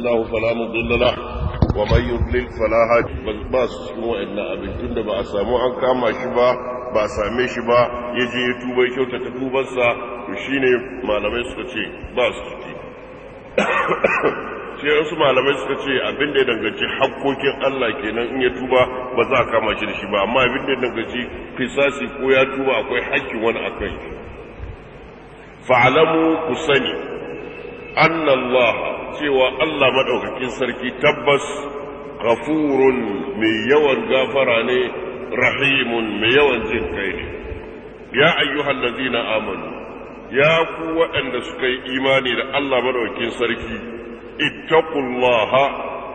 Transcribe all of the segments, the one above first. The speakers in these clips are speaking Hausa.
الله فلا مضل له ba su cikin wa'annan abincin da ba a samu an kama shi ba ba a same shi ba ya je ya tuba ya kyauta ta tubarsa to malamai suka ce ba su ciki sai wasu malamai suka ce abin da ya danganci hakkokin Allah kenan in ya tuba ba za a kama shi da shi ba amma abin da ya danganci fisasi ko ya tuba akwai hakkin wani akan shi fa'alamu ku sani annallaha cewa Allah maɗaukakin sarki tabbas ghafurun mai yawan gafara ne rahimun mai yawan jin kai ne ya ayyuhal ladina amanu ya ku waɗanda suka yi imani da Allah madaukakin sarki ittaqullaha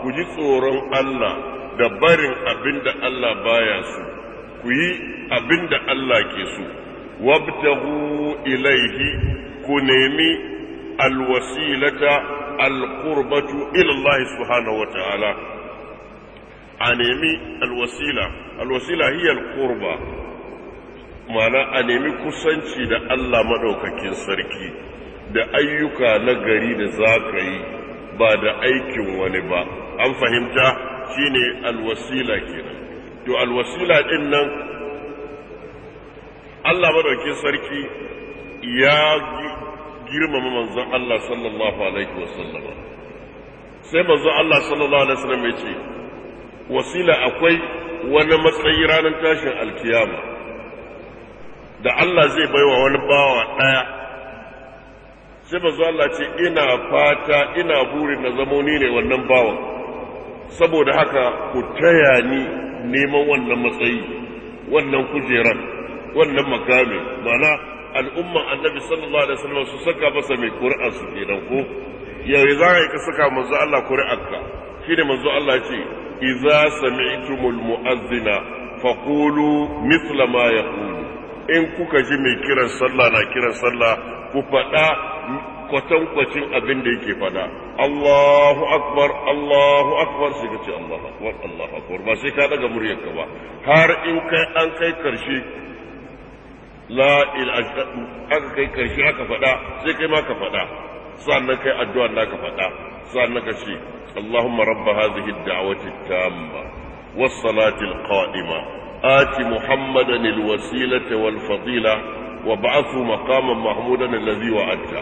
ku ji tsoron Allah da barin abinda Allah baya su ku yi abinda Allah ke so wabtahu ilaihi ku nemi alwasilata alqurbatu ila Allah wa ta'ala a nemi alwasila alwasila hiya alqurba ma'ana a nemi kusanci da Allah maɗaukakin sarki da ayyuka na gari da za ka yi ba da aikin wani ba an fahimta shine alwasila kenan to alwasila din nan Allah madaukakin sarki ya girmama manzon Allah sallallahu alaihi wasallam sai manzon Allah sallallahu alaihi wasallam ya ce wasila akwai wani matsayi ranar tashin alkiyama da Allah zai baiwa wani bawa ɗaya sai manzon Allah ce ina fata ina burin na zamo ni ne wannan bawan saboda haka ku taya ni neman wannan matsayi wannan kujeran wannan makami ma'ana Al'umma, annabi sallallahu alaihi wasallam su saka masa mai ƙuri'ar su kenan ko yau za ka saka manzo Allah Shi shine manzo Allah ce idza sami'tumul mu'azzina faqulu mithla ma yaqulu in kuka ji mai kiran sallah na kiran sallah ku faɗa kwatankwacin abin da yake faɗa Allahu akbar Allahu akbar sai ka ce Allahu akbar Allahu akbar ba sai ka daga muryarka ba har in kai an kai karshe la aka kai karshe aka faɗa sai kai ma ka faɗa sannan kai addu'a na ka faɗa sannan ka ce Allahumma rabba hadhihi ad-da'wati at-tamma was-salati al-qa'ima ati Muhammadan al-wasilata wal-fadila wa ba'athu maqaman mahmudan alladhi wa'adta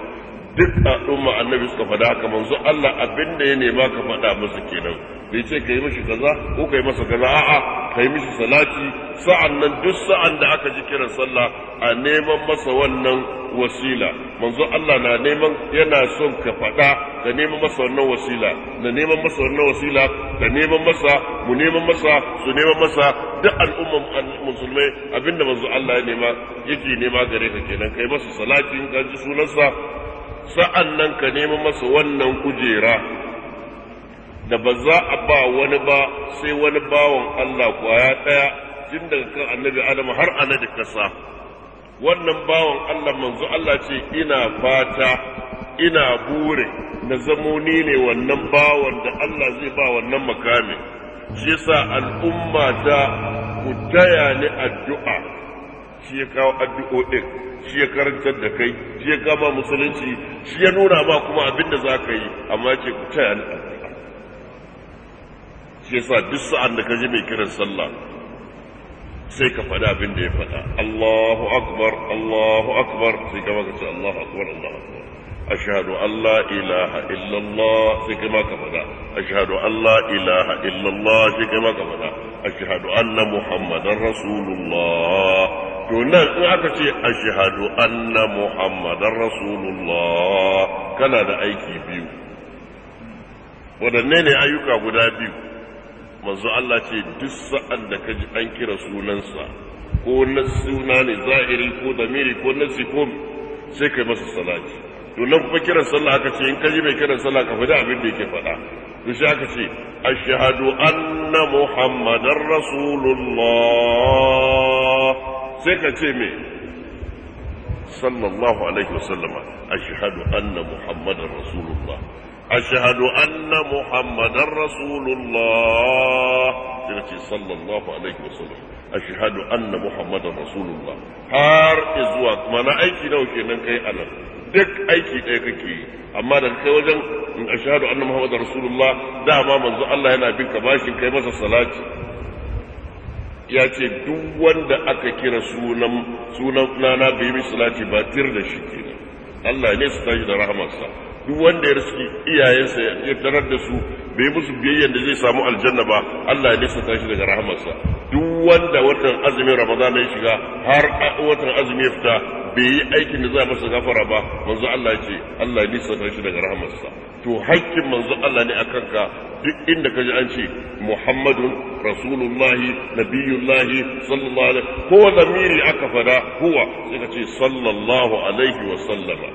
duk al'umma annabi suka faɗa haka manzo Allah abin da ya nema ka faɗa masa kenan bai ce ka yi mishi kaza ko ka yi masa kaza a'a ka yi mishi salati sa'an nan duk sa'an da aka ji kiran sallah a neman masa wannan wasila manzo Allah na neman yana son ka faɗa ka neman masa wannan wasila da neman masa wannan wasila da neman masa mu neman masa su neman masa duk al'umma musulmai abinda manzo Allah ya nema yake nema gare ka kenan kai masa in ka ji sunansa sa'an nan ka nemi masa wannan kujera da ba za a ba wani ba sai wani bawan Allah kwaya ɗaya tun daga kan annabi Adamu har da kasa wannan bawan Allah manzo Allah ce ina fata ina bure na zamo ni ne wannan bawan da Allah zai ba wannan makami shi yasa al'umma ta ku taya ni addu'a shi ya kawo addu'o'in shi ya karantar da kai shi ya kama musulunci shi ya nuna ma kuma abin da za ka yi amma ce ku taya ni addu'a shi yasa duk sa'an da ka ji mai kiran sallah sai ka faɗi abin da ya faɗa Allahu akbar Allahu akbar sai ka maka ce Allahu akbar Allahu akbar ashhadu an la ilaha illallah sai ka maka faɗa ashhadu an la ilaha illallah sai ka maka faɗa ashhadu anna muhammadar rasulullah to nan in aka ce ashhadu anna muhammadar rasulullah kana da aiki biyu wadanne ne ayyuka guda biyu manzo Allah ce duk sa'an da kaji an kira sunansa ko na suna ne zahiri ko damiri ko na ko sai kai masa salati to nan kuma kiran sallah aka ce in kaji mai kiran sallah ka fada abin da yake faɗa to shi aka ce ashhadu anna muhammadar rasulullah sai ka ce me sallallahu alaihi wasallama ashhadu anna muhammadar rasulullah ashhadu anna muhammadar rasulullah sai ce sallallahu alaihi wasallam ashhadu anna muhammadar rasulullah har izuwa mana aiki nawa kenan kai anan duk aiki ɗaya kake yi amma da kai wajen ashhadu anna muhammadar rasulullah dama manzo Allah yana bin ka bashin kai masa salati ya ce duk wanda aka kira sunan sunan nana bai misalati ba da shi kenan Allah ne su tashi da rahmarsa duk wanda ya riski iyayensa ya tarar da su bai yi musu biyayyen da zai samu aljanna ba Allah ya nisa tashi daga rahamarsa duk wanda watan azumin Ramadan ya shiga har watan azumin ya fita bai yi aikin da za masa gafara ba manzo Allah ya ce Allah ya nisa shi daga rahamarsa to hakkin manzo Allah ne akan ka duk inda kaji an ce Muhammadun Rasulullahi Nabiyullahi sallallahu alaihi ko da miri aka fada huwa sai ka ce sallallahu alaihi wa sallama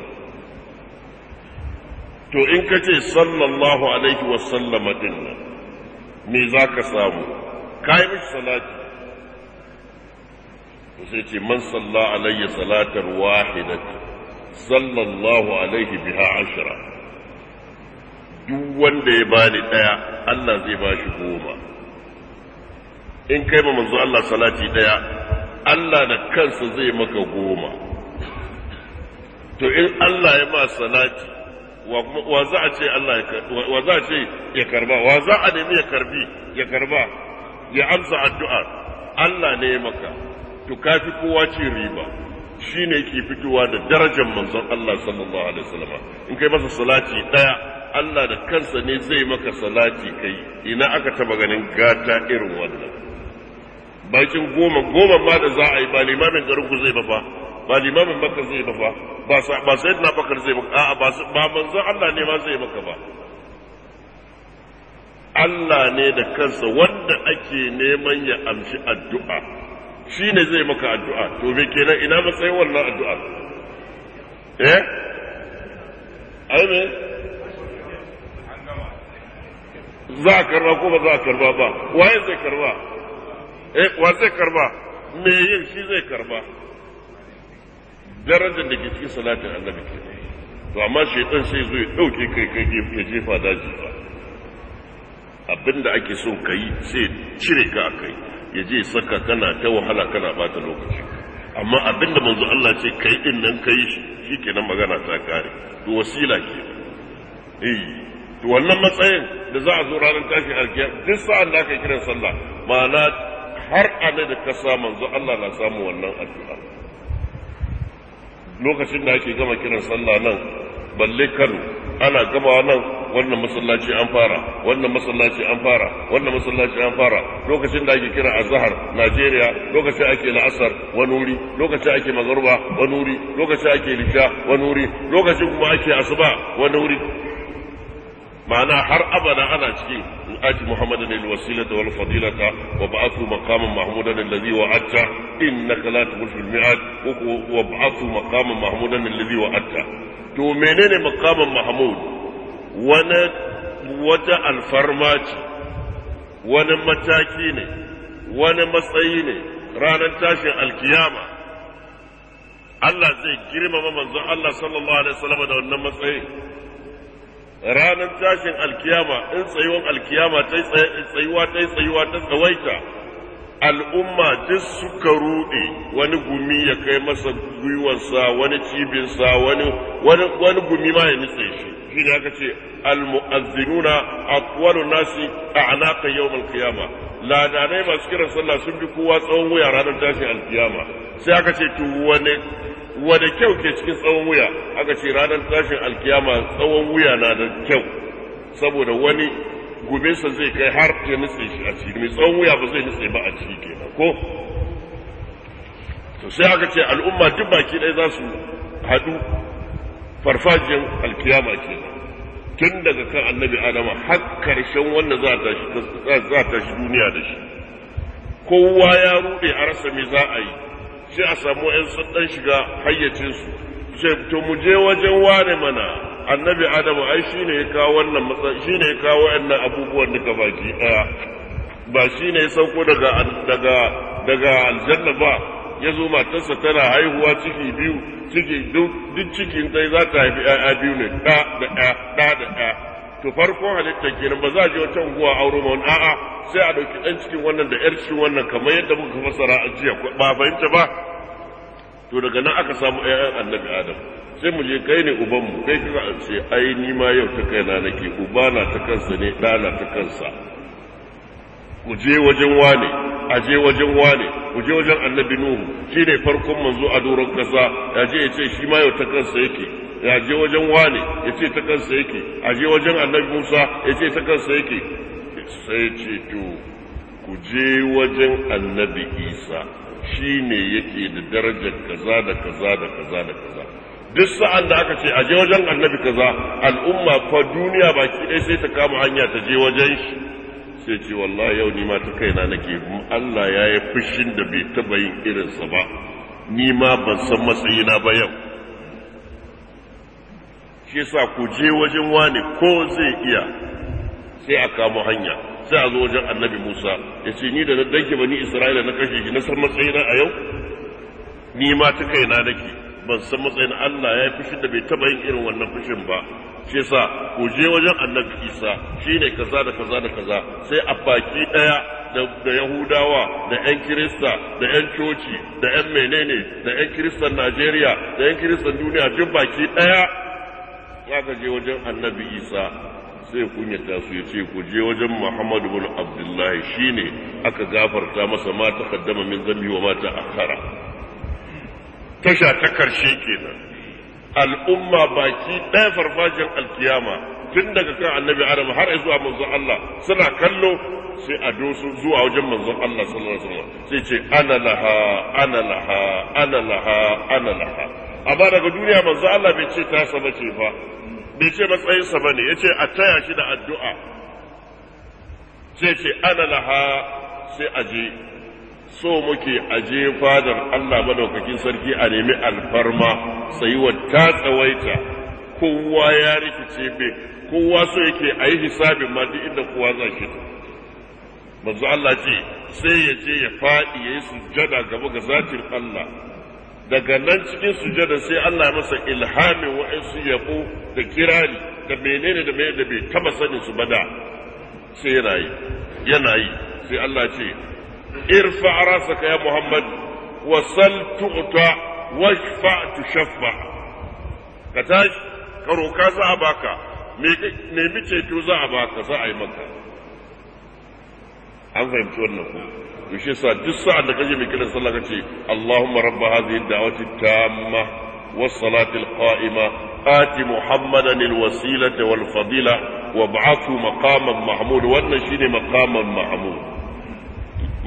to in ka ce sallallahu alaihi wasallama sallama nan me za ka samu ka yi mishi salati sai ce man salla alayya salatar wahidati sallallahu alaihi biha ashira duk wanda ya bani daya Allah zai ba shi goma in kai ma manzo Allah salati daya Allah da kansa zai maka goma to in Allah ya ma salati wa za a ce Allah ya karba wa za a nemi ya karbi ya karba ya amsa addu'a Allah ne ya maka to kafi kowa ce riba shine yake fitowa da darajar manzon Allah sallallahu alaihi wasallam in kai masa salati ɗaya Allah da kansa ne zai maka salati kai ina aka taba ganin gata irin wannan bakin goma goma ma da za a yi ba limamin garin ku zai ba fa ba limamin makka zai maka ba ba sai na bakar zai maka a'a ba ba manzo Allah ne ma zai maka ba Allah ne da kansa wanda ake neman ya amshi addu'a shi ne zai maka addu'a to me kenan ina matsayin wannan addu'a eh ai ne za a karba ko ba za a karba ba waye zai karba eh wa zai karba me yin shi zai karba darajar da ke cikin salatin annabi ke to amma shaitan sai zo ya dauke kai kai ya jefa daji ba abinda ake so ka yi sai cire ka kai ya je saka kana ta wahala kana bata lokaci amma abinda manzo Allah ce kai din nan kai shi shikenan magana ta kare to wasila ke eh to wannan matsayin da za a zo ranar tashi alkiya duk sa'an da aka kiran sallah ma'ana har a da ka sa manzo Allah na samu wannan addu'a lokacin da ake gama kiran sallah nan balle kano ana gama nan wannan masallaci an fara wannan masallaci an fara wannan masallaci an fara lokacin da ake kira azhar Najeriya lokacin ake la'asar wani wuri lokacin ake magruba wani wuri lokacin ake lisha wani wuri lokacin kuma ake asuba wani wuri ma'ana har abada ana ciki آت محمدا الوسيلة والفضيلة وابعثه مقاما محمودا الذي وعدته إنك لا تخلف الميعاد وابعثه مقاما محمودا الذي وعدته to menene makamin mahmud wani wata alfarma ce mataki ne wani matsayi ne ranar tashin alkiyama Allah zai girmama manzon Allah alaihi da wannan matsayi ranar tashin alkiyama in tsayuwan alkiyama ta tsayuwa ta tsayuwa ta tsawaita al'umma duk suka ruɗe wani gumi ya kai masa gwiwarsa wani cibinsa wani wani gumi ma ya nitse shi shi ne aka ce al-mu'azzinuna aqwalu nasi a'naqa yawm al-qiyama ladanai masu kiran sallah sun bi kowa tsawon wuya ranar tashin alkiyama sai aka ce to wani wada kyau ke cikin tsawon wuya aka ce ranar tashin alkiyama tsawon wuya na da kyau saboda wani gubinsa zai kai har ya nutse shi a ciki mai tsawon wuya ba zai nutse ba a ciki na, ko to sai aka ce al'umma duk baki ɗaya za su haɗu farfajin alkiyama kenan tun daga kan annabi adama har karshen wanda za a tashi duniya da shi kowa ya rude a rasa me za a yi sai a samu ɗan sun shiga hayyacinsu sai to mu je wajen ware mana annabi adamu ai shi ne ya kawo wannan shi ne ya kawo wannan abubuwan duka baki ɗaya ba shi ne ya sauko daga daga daga aljanna ba ya zo matarsa tana haihuwa ciki biyu ciki duk cikin dai za ta haifi ‘ya'ya biyu ne ɗa da ɗa to farkon halitta kenan ba za a je wata unguwa auro ma wani a'a sai a ɗauki ɗan cikin wannan da ƴar cikin wannan kamar yadda muka fassara a jiya ba fahimta ba to daga nan aka samu ƴaƴan annabi adam sai mu je kai ne ubanmu kai kika an ce ai ni ma yau ta kaina nake uba na ta kansa ne ɗa na ta kansa ku je wajen wane a je wajen wane ku je wajen annabi nuhu shi ne farkon manzo a doron kasa ya je ya ce shi ma yau ta kansa yake ya wajen wane ya ce ta kansa yake a wajen annabi musa ya ta kansa yake sai ce to ku je wajen annabi isa shine yake da darajar kaza da kaza da kaza da kaza duk sa'an da aka ce a wajen annabi kaza al'umma fa duniya baki ɗaya sai ta kama hanya ta je wajen shi sai ce wallahi yau ni ma ta kaina nake Allah ya yi fushin da bai taba yin irinsa ba ni ma ban san matsayina ba yau shi yasa ku je wajen wani ko zai iya sai a kamo hanya sai a zo wajen annabi musa ya ce ni da na danke bani isra'ila na kashe shi na san matsayina a yau ni ma ta kaina nake ban san matsayin allah ya fushin da bai taba yin irin wannan fushin ba shi yasa ku je wajen annabi isa shine kaza da kaza da kaza sai a baki daya da Yahudawa, da 'yan Kirista, da 'yan coci, da 'yan menene, da 'yan Kiristan Najeriya, da 'yan Kiristan duniya duk baki ɗaya ya ka je wajen annabi isa sai kunyata su ya ce ku je wajen muhammadu bin abdullahi shine aka gafarta masa ma ta kaddama min zambi wa mata akhara tasha ta karshe kenan al'umma baki ɗaya farfajin alkiyama tun daga kan annabi adam har zuwa manzon Allah suna kallo sai a dosu zuwa wajen manzon Allah sallallahu alaihi wasallam sai ce ana laha ana laha ana laha ana laha amma daga duniya manzo Allah bai ce ta sa bace ba bai ce matsayinsa ba ne yace a taya shi da addu'a sai ce ana laha sai aje so muke aje fadar Allah madaukakin sarki a nemi alfarma wa ta tsawaita kowa ya rikice bai kowa so yake a yi hisabin ma duk inda kowa za shi manzo Allah ce sai ya je ya faɗi ya yi sujjada gaba ga zatin Allah daga nan cikin sujada sai Allah masa ilhamin wa'ansu yabo da kirari da menene da menene da bai taba sanin su ba da sai yana yi yana yi sai Allah ce irfa rasaka ya Muhammad wa sal tu'ta shfa tushaffa ka tashi ka roka za a baka ce ceto za a baka za a yi maka an fahimci wannan ko to shi yasa duk sa'an da kaje mai kiran sallah kace Allahumma rabb hadhihi ad-da'wati tamma was-salati al-qa'ima ati Muhammadan al-wasilata wal-fadila wab'athu maqaman mahmud wannan shine maqaman mahmud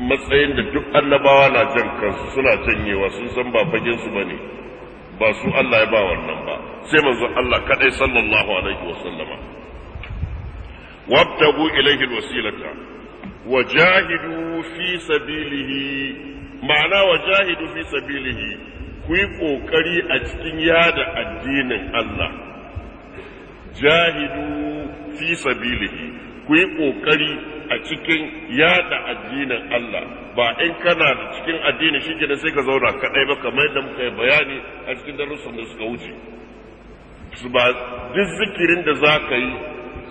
matsayin da duk annabawa na jan kansu suna janyewa sun san ba fagen su bane ba su Allah ya ba wannan ba sai manzon Allah kadai sallallahu alaihi wa sallama wabtagu ilayhi al-wasilata wajahidu fi sabilihi ma'ana wajahidu fi sabilihi ku yi kokari a cikin yada addinin Allah jahidu fi sabilihi ku yi kokari a cikin yada addinin Allah ba in kana da cikin addini shi kenan sai ka zauna kaɗai ba kamar da muka yi bayani a cikin darussan da suka wuce su ba duk zikirin da za ka yi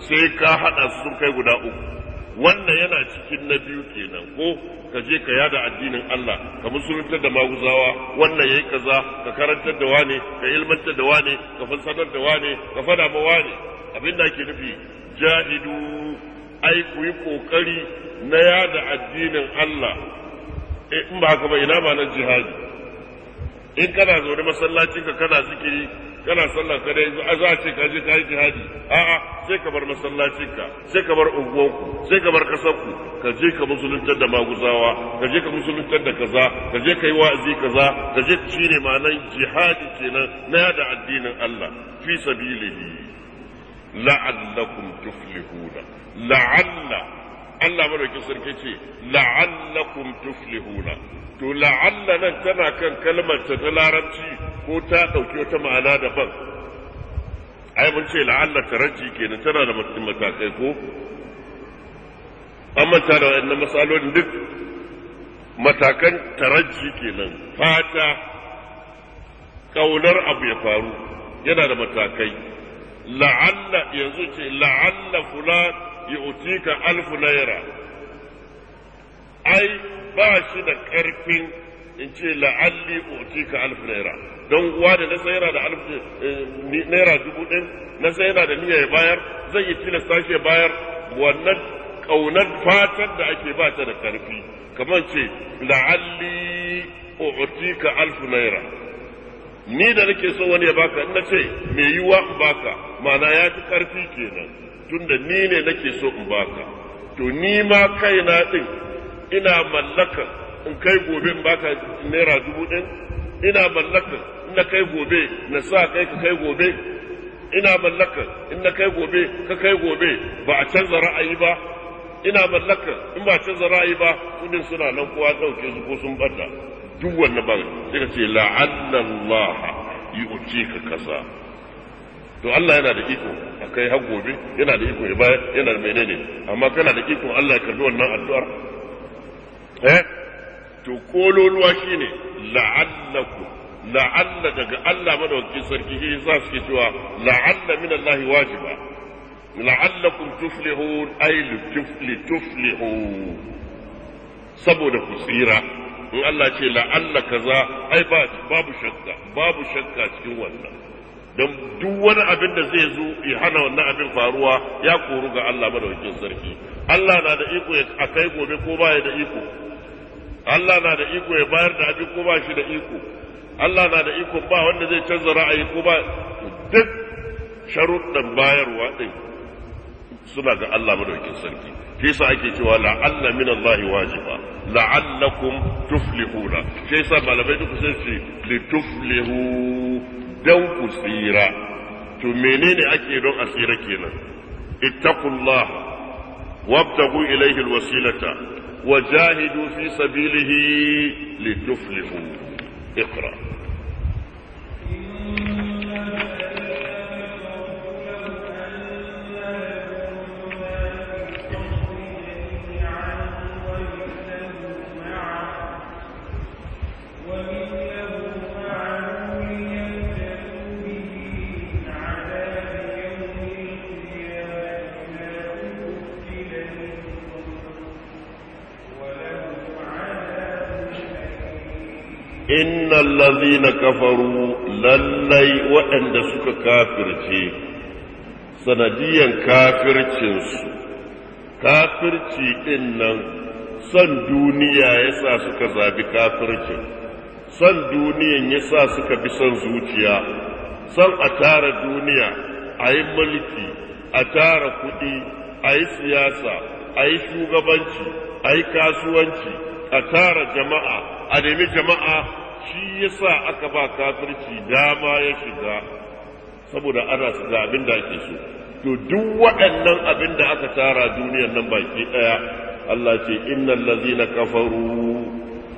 sai ka haɗa su kai guda uku wannan yana cikin na biyu kenan ko ka je ka yada addinin Allah ka musulunta da maguzawa wannan yayi kaza ka karantar da wane ka ilmantar da wane ka fansanar da wane ka fada ma wane abin da ake nufi jahidu ai ku yi kokari na yada addinin Allah eh, in ba haka ba ina ma na jihadi in kana zaune masallacin ka kana zikiri kana sallah ka dai za ce ka je ka yi jihadi a'a sai ka bar masallacin ka sai ka bar unguwanku sai ka bar ku ka je ka musuluntar da maguzawa ka je ka musuluntar da kaza ka je ka yi wa'azi kaza ka je shine ne ma'anar jihadi kenan na yada addinin Allah fi sabilihi la'allakum tuflihuna la'alla Allah madaukin sarki ce la'allakum tuflihuna to la'alla nan tana kan kalmar ta larabci ko ta ɗauki wata ma'ana daban ai mun ce la'alla taraji kenan tana da matakai ko an manta da waɗannan matsalolin duk matakan taraji kenan fata ƙaunar abu ya faru yana da matakai la'alla yanzu ce la'alla kula ya utika alfu naira ai ba shi da ƙarfin in ce la'alli utika alfu naira don uwa da na sayar da alif eh, naira dubu ɗin na sayar da niyya ya bayar zai yi tilasta shi ya bayar wannan ƙaunar fatar da ake ba ta da karfi kamar ce la'alli ka alf naira ni da nake so wani ya baka in na ce me yiwa in baka ma'ana ya fi karfi kenan tunda ni ne nake so in baka to ni ma kaina ɗin ina mallaka in kai gobe in baka naira dubu ɗin ina mallaka na kai gobe na sa kai ka kai gobe ina mallaka in na kai gobe ka kai gobe ba a canza ra'ayi ba ina mallaka in ba a canza ra'ayi ba kudin suna nan kowa ɗauke su ko sun bada duk wannan ba sai ka ce la'anna Allah ka kaza to Allah yana da iko akai har gobe yana da iko ya yana da menene amma kana da iko Allah ya karbi wannan addu'ar eh to kololuwa shine la'allakum la'alla daga Allah madawakin sarki shi za su ke cewa la'alla min Allah wajiba la'allakum tuflihun ay li tuflihu saboda ku tsira in Allah ce la'alla kaza ai ba babu shakka babu shakka cikin wannan don duk wani abin da zai zo ya hana wannan abin faruwa ya koru ga Allah madawakin sarki Allah na da iko ya akai gobe ko ba ya da iko Allah na da iko ya bayar da abin ko ba shi da iko Allah na da iko ba wanda zai canza ra'ayi ko ba duk sharuɗan bayarwa ɗin suna ga Allah madaukin sarki shi yasa ake cewa la'alla min Allah wajiba la'allakum tuflihuna shi yasa malamai duk sun ce lituflihu dan ku tsira to menene ake don a tsira kenan ittaqullah wabtagu ilayhi alwasilata وجاهدوا في سبيله لتفلحوا اقرأ innal ladzina kafaru lallai waɗanda suka kafirce sanadiyan kafircinsu kafirci ɗin nan son duniya yasa suka zabi kafircin son duniyan yasa suka bi son zuciya son a tara duniya a yi mulki a tara kuɗi a yi siyasa a yi shugabanci a yi kasuwanci a tara jama'a a nemi jama'a shi yasa aka ba kafirci dama ya shiga saboda ana ga abin da ake so to duk waɗannan abin da aka tara duniyar nan baki ɗaya Allah ce innal ladzina kafaru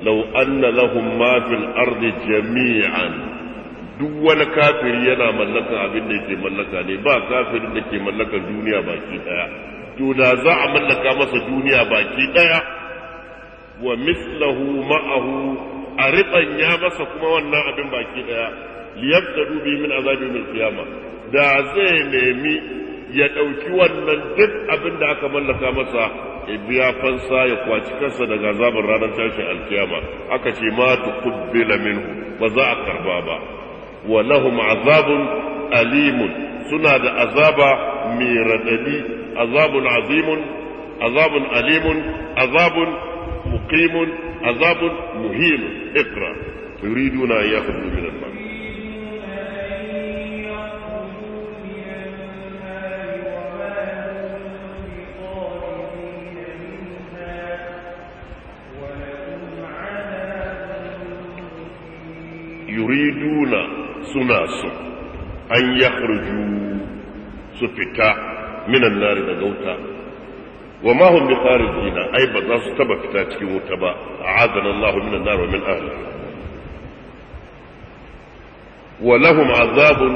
law anna lahum ma fil ardi jami'an duk wani kafiri yana mallaka abin da yake mallaka ne ba kafirin da ke mallaka duniya baki ɗaya to da za a mallaka masa duniya baki ɗaya wa mislahu ma'ahu a ya masa kuma wannan abin baki ɗaya da dubi min azabi min qiyama da zai nemi ya ɗauki wannan duk abin da aka mallaka masa ya biya fansa ya kwaci kansa daga zabin ranar tashin alkiyama aka ce ma kubbe minhu ba za a karba ba wa lahum azabun alimun suna da azaba mai raɗaɗi azabun azimun azabun alimun azabun muqimun عذاب مهين اقرا يريدون ان ياخذوا من الماء يريدون سناس ان يخرجوا سفكا من النار بغوتا wa ma hum bikharijina ai ba za su taba fita cikin wuta ba a'adana Allah min an-nar wa min ahli wa lahum azabun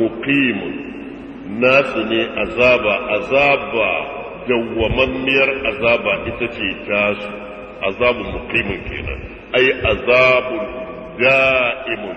muqim nasu ne azaba azaba dawwamammiyar azaba ita ce su, azabun muqimin kenan ai azabun da'imun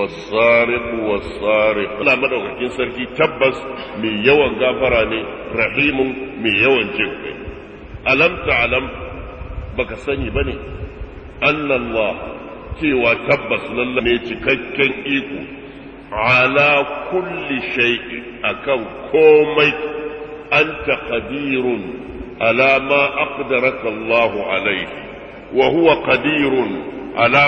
والصارق والصارق لا tabbas سركي تبس من يوان غفراني رحيم من يوان جنك ألم تعلم بك سني بني أن الله cewa tabbas lallai ne cikakken iko ala kulli akan komai anta qadirun alama ma aqdaraka Allah alayhi wa huwa qadirun ala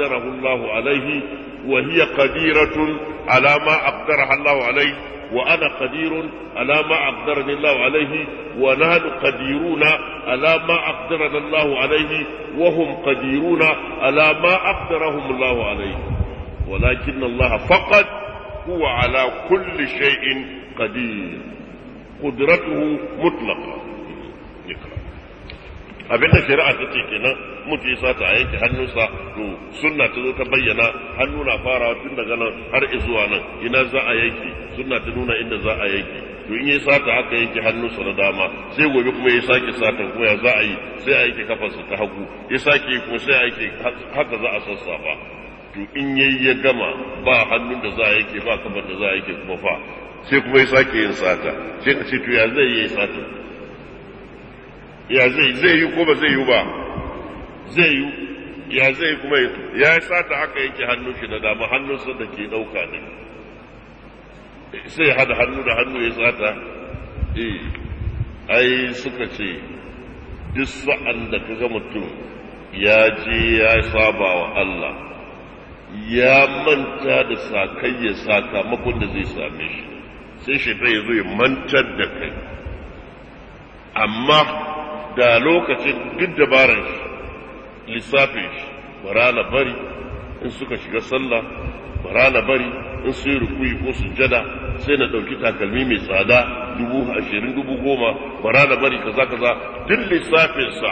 أقدره الله عليه وهي قديرة على ما أقدرها الله عليه وأنا قدير على ما أقدرني الله عليه ونحن قديرون على ما أقدرنا الله عليه وهم قديرون على ما أقدرهم الله عليه ولكن الله فقط هو على كل شيء قدير قدرته مطلقة abinda shari'a ta ce kenan mutu ya sata a yanke hannunsa to sunna ta zo ta bayyana hannu na farawa tun daga nan har zuwa nan ina za a yanke sunna ta nuna inda za a yanke to in ya sata aka yanke hannunsa na dama sai gobe kuma ya sake sata kuma ya za a yi sai a yanke kafarsa ta hagu ya sake kuma sai a yanke haka za a sassafa to in yayi ya gama ba hannun da za a yake ba kafar da za a yake kuma fa sai kuma ya sake yin sata sai ka ce to ya zai yi sata ya zai zai yi ko ba zai yi ba zai yi ya zai kuma yi ya yi sata haka yake hannun shi na dama hannunsa da ke ɗauka ne sai hada hannu da hannu ya sata eh ai suka ce duk sa'an da ka gama mutum ya je ya saba wa Allah ya manta da sakai ya sakamakon da zai same shi sai shi ya zo ya mantar da kai amma da lokacin duk dabaran shi lissafin shi bara na bari in suka shiga sallah bara na bari in su yi rukuyi ko sujada sai na ɗauki takalmi mai tsada dubu ashirin dubu goma bara na bari kaza kaza duk lissafinsa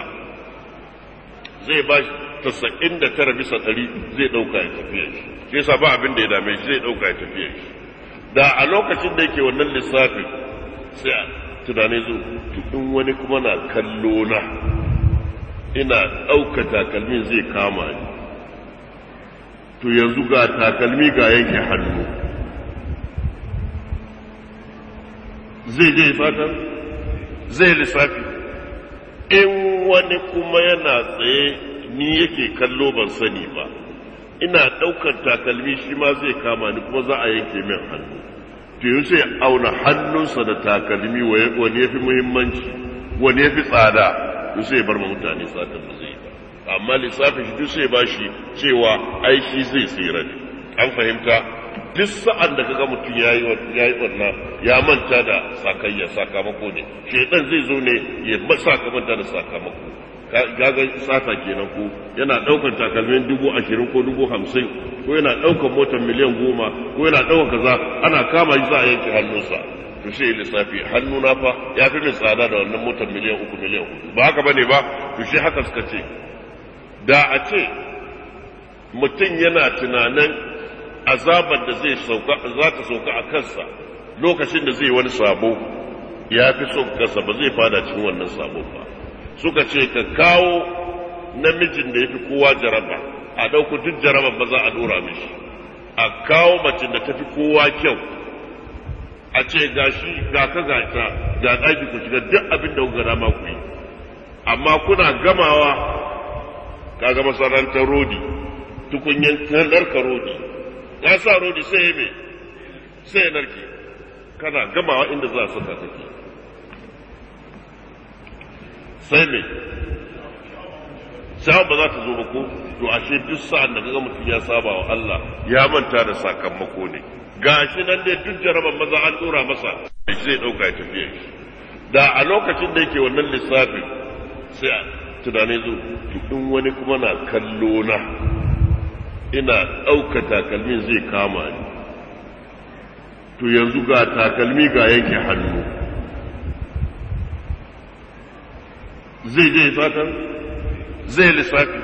zai ba shi tasa'in da tara bisa ɗari zai ɗauka ya tafiya shi shi yasa ba abin da ya dame shi zai ɗauka ya tafiya shi da a lokacin da yake wannan lissafi sai tunanin tunane zo in wani kuma na kallo na ina ɗauka takalmin zai kama ni to yanzu ga takalmi ga yanke hannu zai je fata, zai lissafi in wani kuma yana tsaye ni yake kallo ban sani ba ina ɗaukar takalmi shi ma zai kama ni kuma za a yanke min hannu to yi sai auna hannunsa da takalmi wani ya fi muhimmanci wani ya fi tsada duk sai bar ma mutane satan ba zai ba amma lissafin shi duk sai ba shi cewa ai shi zai tsira ne an fahimta duk sa'an da kaga mutum yayi yayi wannan ya manta da sakayya sakamako ne shedan zai zo ne ya ba da sakamako gaga sata kenan ko yana ɗaukar takalmin dubu ashirin ko dubu hamsin ko yana ɗaukar motar miliyan goma ko yana ɗaukar kaza ana kama shi za a yanke hannunsa to shi lissafi hannu na fa ya fi min tsada da wannan motar miliyan uku miliyan hudu ba haka bane ba to shi haka suka ce da a ce mutum yana tunanin azabar da zai sauka za ta sauka a kansa lokacin da zai wani sabo ya fi so kansa ba zai fada cikin wannan sabo ba suka ce ka kawo namijin da ya fi kowa jaraba a ɗauku duk jaraba ba za a dora mishi a kawo macin da ta fi kowa kyau a ce ga shi ga ka ga ta ga ɗaki ku shiga duk abin da kuka dama ku yi amma kuna gamawa kaga masarantar rodi tukunyen narka rodi ya sa rodi sai ya sai narke kana gamawa inda za a saka take sai me sai ba za ta zo ko to ashe duk sa'an da kaga mutum ya saba wa Allah ya manta da sakamako ne gashi nan dai duk jaraban maza an dora masa shi zai dauka ya tafi shi da a lokacin da yake wannan lissafi sai tunane zo to in wani kuma na kallo na ina ɗauka takalmin zai kama ni to yanzu ga takalmi ga yanke hannu zai je sata zai lissafi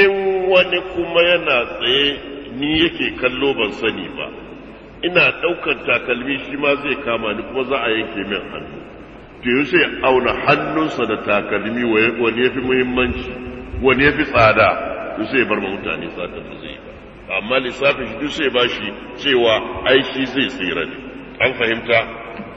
in wani kuma yana tsaye ni yake kallo ban sani ba ina ɗaukar takalmi shi ma zai kama ni kuma za a yanke min hannu to sai auna hannunsa da takalmi wani ya muhimmanci wani yafi tsada to sai bar mutane sata da zai ba amma lissafin shi duk sai ba shi cewa ai zai tsira ne an fahimta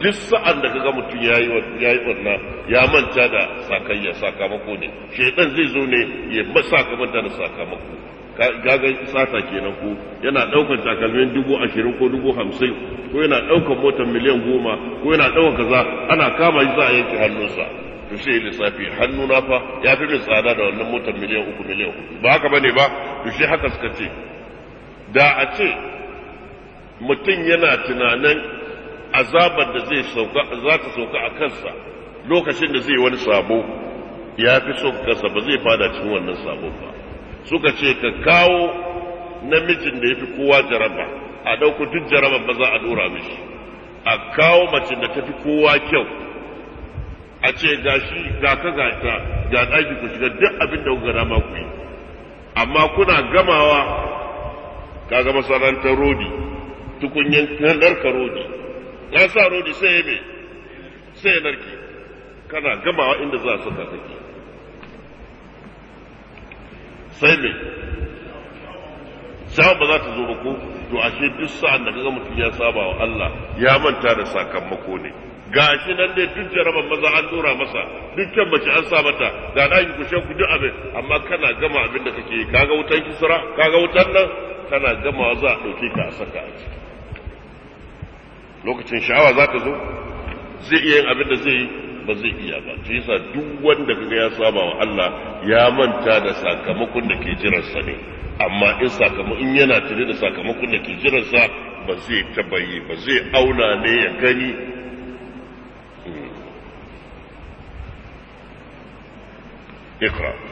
duk sa'an da kaga mutum yayi yayi wannan ya manta da sakayya sakamako ne shaytan zai zo ne ya masa kamanta da sakamako gaga sata kenan ko yana daukan takalmin dubu ashirin ko dubu hamsin ko yana daukan motar miliyan goma ko yana daukan kaza ana kama shi za a yanke hannunsa to sai lissafi hannu na fa ya fi min tsada da wannan motar miliyan uku miliyan uku ba haka bane ba to shi haka suka ce da a ce mutum yana tunanin azabar da zai sauka za ta sauka a kansa lokacin da zai wani sabo ya fi son kansa ba zai fada cikin wannan sabo ba suka ce ka kawo namijin da ya fi kowa jaraba a ɗauko duk jaraba ba za a dora mishi a kawo macin da ta fi kowa kyau a ce ga shi ga ka ga ta ga ɗaki ku shiga duk abin da kuka dama ku yi amma kuna gamawa kaga masarantar rodi tukunyen ka rodi ya sa rodi sai ya me sai ya narke kana gamawa inda za a saka take sai me shawar ba za ta zo ba ko to ashe duk sa'an da kaga mutum ya saba wa Allah ya manta da sakamako ne gashi nan dai duk jaraban maza an dora masa dukkan mace an sa mata ga ɗaki ku shan ku duk abin amma kana gama abin da kake kaga wutan kisra kaga wutan nan kana gama za a dauke ka a saka a ciki lokacin sha'awa za ta zo zai iya yin abin da zai yi ba zai iya ba shi yasa duk wanda kaga ya saba wa Allah ya manta da sakamakon da ke sa ne amma in sakamakon in yana tare da sakamakon da ke jiransa ba zai taba yi ba zai auna ne ya gani hmm. ikra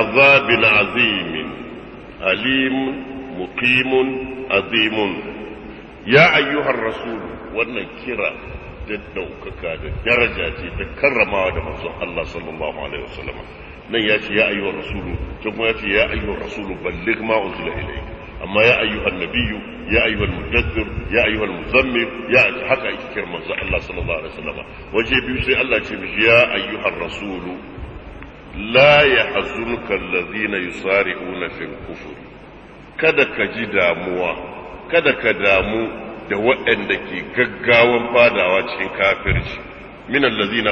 عذاب عظيم أليم مقيم عظيم يا أيها الرسول وأن كرا دنوكك درجة تكرم هذا الله صلى الله عليه وسلم nan ya ce ya ayyuhar rasulu can kuma ya ce ya ayyuhar rasulu balligh ma unzila ilayk amma ya ayyuhan nabiyyu ya ayyuhal mudaththir ya ayyuhal muzammil ya haka yake kirman manzo Allah sallallahu alaihi wasallam waje biyu sai Allah ce mishi ya ayyuhar rasulu la yahzunka allazina yusari'una fil kufr kada ka ji damuwa kada ka damu da waɗanda ke gaggawan fadawa cikin kafirci min allazina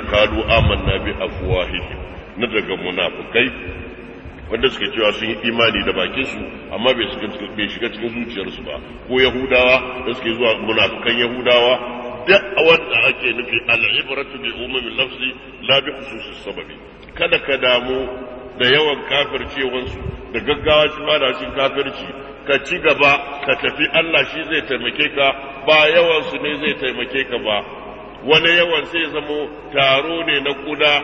aman na bi afwahihim na daga munafukai wanda suka cewa sun yi imani da bakinsu amma bai shiga cikin zuciyarsu ba ko yahudawa da suke zuwa munafukan yahudawa duk wanda ake nufi al'ibratu bi umumin lafsi la bi khususis sababi kada ka damu da yawan kafircewansu da gaggawa shi ma da cin kafirci ka ci gaba ka tafi Allah shi zai taimake ka ba yawansu ne zai taimake ka ba wani yawan sai zamo taro ne na kuda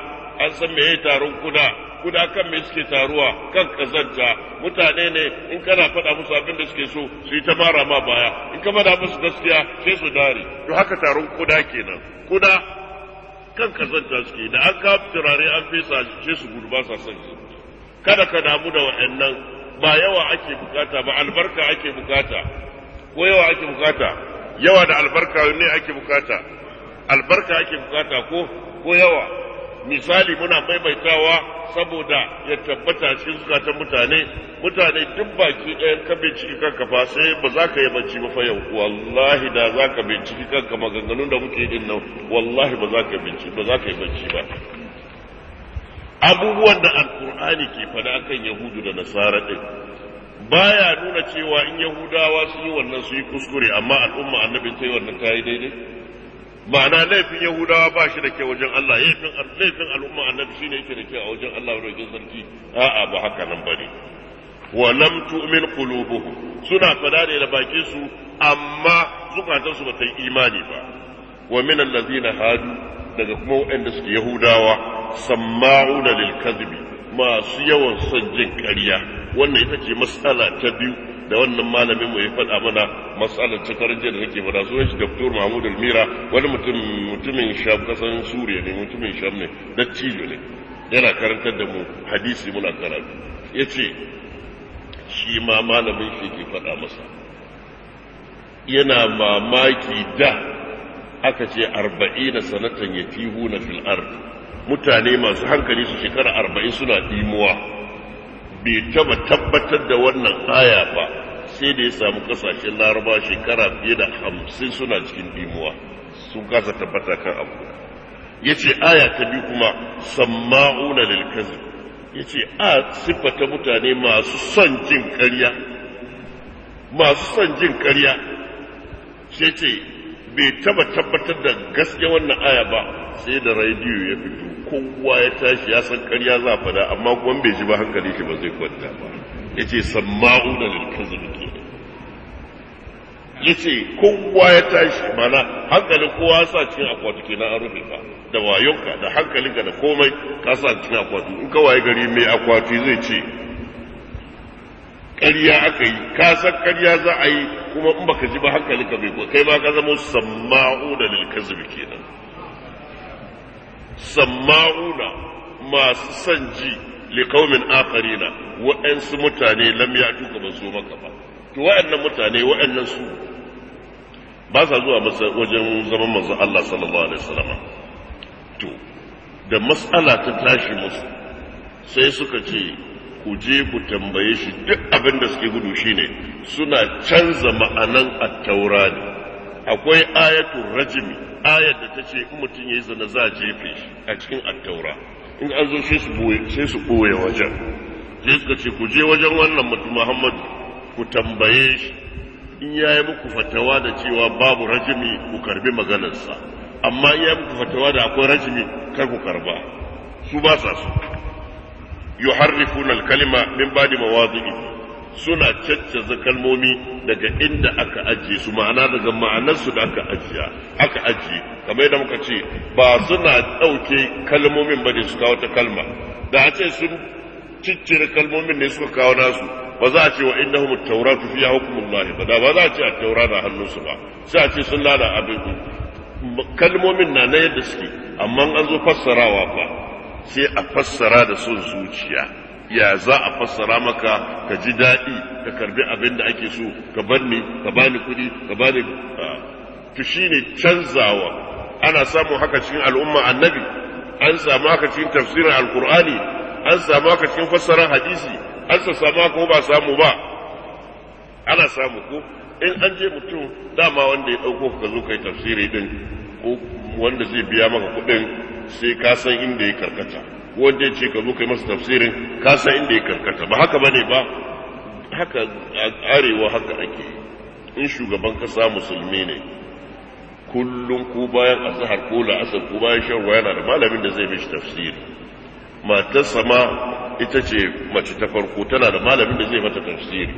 an san me taron kuda kuda kan me suke taruwa kan kazanta mutane ne in kana faɗa musu abin da suke so su yi ta mara ma baya in ka faɗa musu gaskiya sai su dare to haka taron kuda kenan kuda kan kasanta suke da an ka turare an fesa shi su gudu ba sa son kada ka damu da wa'annan ba yawa ake bukata ba albarka ake bukata ko yawa ake bukata yawa da albarka ne ake bukata albarka ake bukata ko ko yawa misali muna maimaitawa saboda ya tabbata cikin zukatan mutane mutane duk baki ɗayan ka binciki kanka fa sai ba za ka yi bacci ba fa yau wallahi da za ka binciki kanka maganganun da muke din nan wallahi ba za ka binciki ba za ka yi bacci ba abubuwan da alkur'ani ke faɗa akan yahudu da nasara din baya nuna cewa in yahudawa su yi wannan su yi kuskure amma al'umma annabi yi wannan ta yi daidai ma'ana laifin yahudawa ba shi da ke wajen Allah laifin al'umma annabi shine yake da ke a wajen Allah wajen sarki a'a ba haka nan bane wa lam tu'min qulubuhu suna fada ne da baki su amma zukatansu ba ta yi imani ba wa min allazina hadu daga kuma waɗanda suke yahudawa samma'una lil kadhibi masu yawan son jin ƙarya wannan ita ce matsala ta biyu da wannan malamin mu ya faɗa mana matsalar ta jiya da nake faɗa so shi Dr. Mahmud Almira wani mutum mutumin Sham kasan Suriya ne mutumin Sham ne dattijo ne yana karantar da mu hadisi muna karatu yace shi ma malamin shi ke faɗa masa yana mamaki da aka ce arba'ina sanatan yatihuna fil ard mutane masu hankali su shekara arba'in suna dimuwa bai taba tabbatar da wannan aya ba sai da ya samu kasashen laraba shekara fiye da hamsin suna cikin dimuwa sun kasa tabbata kan abu ya ce aya ta biyu kuma samma'una lilkazin ya ce a siffata mutane masu son jin karya masu son jin karya sai ce bai taba tabbatar da gaske wannan aya ba sai da radio ya fito kowa ya tashi ya san karya za fada amma kuma bai ji ba hankali shi ba zai kwanta ba ya ce samma'u da lilkazin ke ya ce kowa ya tashi mana hankalin kowa sa cikin akwati ke na rufe ba da wayonka da hankalinka da komai ka sa cikin akwati in ka waye gari mai akwati zai ce ƙarya aka yi ka san ƙarya za a yi kuma in baka ji ba hankalinka bai kai ba ka zama samma'u da ke kenan samma'una masu son ji liƙaumin akarina wa'yansu mutane lam ya ba zo maka ba to wa'annan mutane wa'annan su ba sa zuwa wajen zaman manzo Allah sallallahu alaihi wasallam to da mas'ala ta tashi musu sai suka ce ku je ku tambaye shi duk abin da suke gudu shine suna canza ma'anan at-taurani akwai ayatul rajmi ayar da ta ce in mutum ya yi zana za a jefe shi a cikin attaura in an zo sai su ɓoye wajen sai suka ce ku je wajen wannan mutum muhammadu ku tambaye shi in ya yi muku fatawa da cewa babu rajimi ku karbi maganarsa amma in ya yi muku fatawa da akwai rajimi kar ku karba su ba sa su yuharrifuna al-kalima min ba'di mawadhi'i suna caccaza kalmomi daga inda aka ajiye su ma'ana daga ma'anarsu da aka ajiye aka ajiye kamar yadda muka ce ba suna ɗauke kalmomin ba ne su kawo ta kalma da a ce sun ciccire kalmomin ne suka kawo nasu ba za a ce wa taura tu fiya fiha lahi ba da ba za a ce a taura na hannunsu ba sai a ce sun lada abin kalmomin na na yadda suke amma an zo fassarawa ba sai a fassara da sun zuciya ya za a fassara maka ka ji daɗi ka karbi abin da ake so ka bar ni ka bani kuɗi ka bani ah. to shine canzawa ana samun haka cikin al'umma annabi an samu haka cikin tafsirin alkur'ani an samu haka cikin fassarar hadisi an samu haka ko ba samu ba ana samu ko in an je mutum dama wanda ya ɗauko ka zo kai tafsiri din ko wanda zai biya maka kuɗin sai ka san inda ya karkata wanda ce ka zo kai masa tafsirin ka san inda ya karkata ba haka bane ba haka arewa haka ake in shugaban kasa musulmi ne kullum ku bayan azhar ko la'asar ko bayan shan ruwa yana da malamin da zai mishi tafsiri matarsa sama ita ce mace ta farko tana da malamin da zai mata tafsiri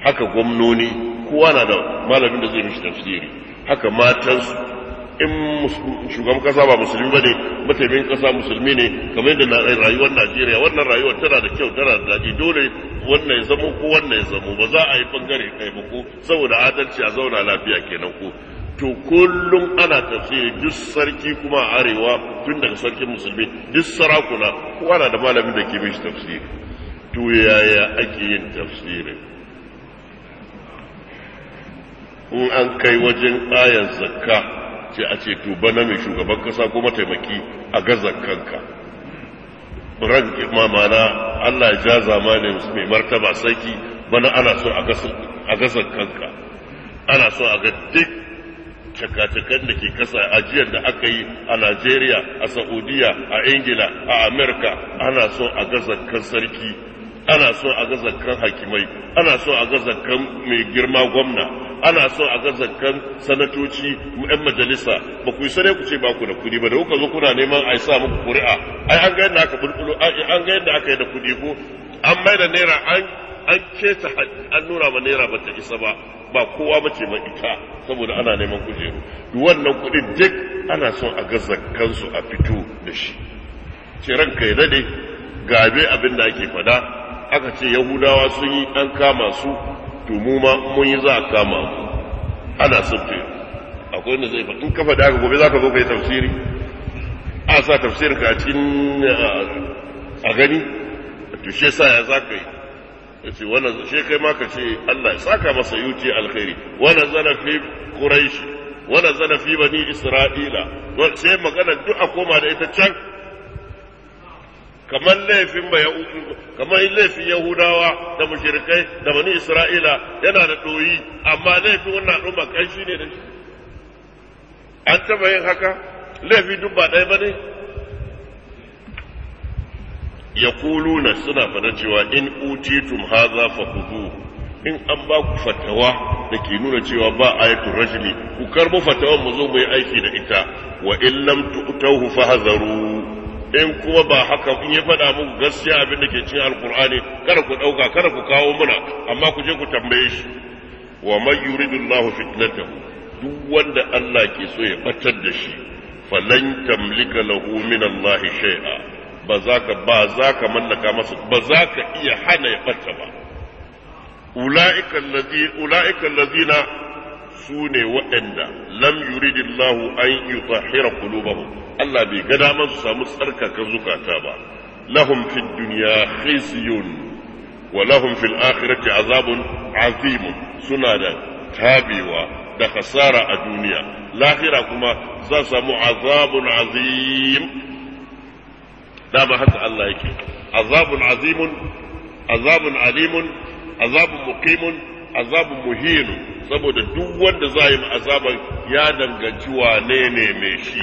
haka gwamnoni kowa na da malamin da zai mishi tafsiri haka matansu in shugaban kasa ba musulmi ba ne mataimin kasa musulmi ne kamar yadda na rayuwar najeriya wannan rayuwar tana da kyau tana da daɗi dole wannan ya zamo ko wannan ya zamo ba za a yi bangare kai ba ko saboda adalci a zauna lafiya kenan ko to kullum ana tafsiri duk sarki kuma a arewa tun daga sarkin musulmi duk sarakuna kowa na da malamin da ke mishi tafsiri to yaya ake yin tafsirin in an kai wajen ayan zakka sai a ce to bana mai shugaban kasa ko mataimaki a gazan kanka ran mamana Allah ya ja ne mai martaba saki bana ana so a gazan kanka ana so a ga duk cakacakan da ke kasa ajiyar da aka yi a Najeriya a Saudiya a Ingila a Amerika ana so a gazan kan sarki ana so a gazan kan hakimai ana so a gazan kan mai girma gwamna ana so a ga sanatoci yan majalisa ba ku sare ku ce ba ku da kudi ba da kuka zo kuna neman a sa muku kuri'a ai an ga yadda aka bulbulo an ga yadda aka yi da kudi ko an mai da naira an an keta an nura ma naira ba ta isa ba ba kowa ba ce ma ita saboda ana neman kujeru wannan kudin duk ana son a ga su a fito da shi ce ranka ya dade gabe abin da ake fada aka ce yahudawa sun yi an kama su to mu ma mun yi za a kama mu ana sabbe akwai wanda zai in kafa da aka gobe za ka zo ka yi tafsiri a sa tafsirin ka cikin a gani a tushe sa ya za ka yi ya ce wannan shi kai ma ka ce Allah ya saka masa yuti alkhairi wannan zana fi kurai shi wannan zana fi bani isra'ila sai magana duk a koma da ita can kamar laifin ba kamar laifin yahudawa da mushrikai da bani isra'ila yana da doyi amma laifin wannan al'umma kai shi ne da shi an taba yin haka laifi duk ba ɗaya ba ne kuluna suna fada cewa in utitum fa kudu in an ba ku fatawa da ke nuna cewa ba ayatul rajuli ku karbo fatawan mu zo mu yi aiki da ita wa in lam tu'tahu fahzaru in kuma ba haka in ya faɗa muku gaskiya abin da ke cin alkur'ani kada ku ɗauka kada ku kawo muna amma ku je ku tambaye shi wa man yuridullahu fitnatahu duk wanda Allah ke so ya batar da shi falan tamlika lahu min Allah shay'a ba za ka ba za ka mallaka masa ba za ka iya hana ya bata ba ulaika allazi ulaika allazina su ne waɗanda lam yuridillahu an yutahhira qulubahum Allah bai ga damar su samu tsarkaka zukata ba lahum fid dunya wa lahum fil akhirati azabun azim suna da tabewa da khasara a duniya lahira kuma za su samu azabun azim dama haka Allah yake azabun azimun azabun alimun azabun muqimun Azabin muhinu saboda duk wanda za yi azaban ya danganci wane ne mai shi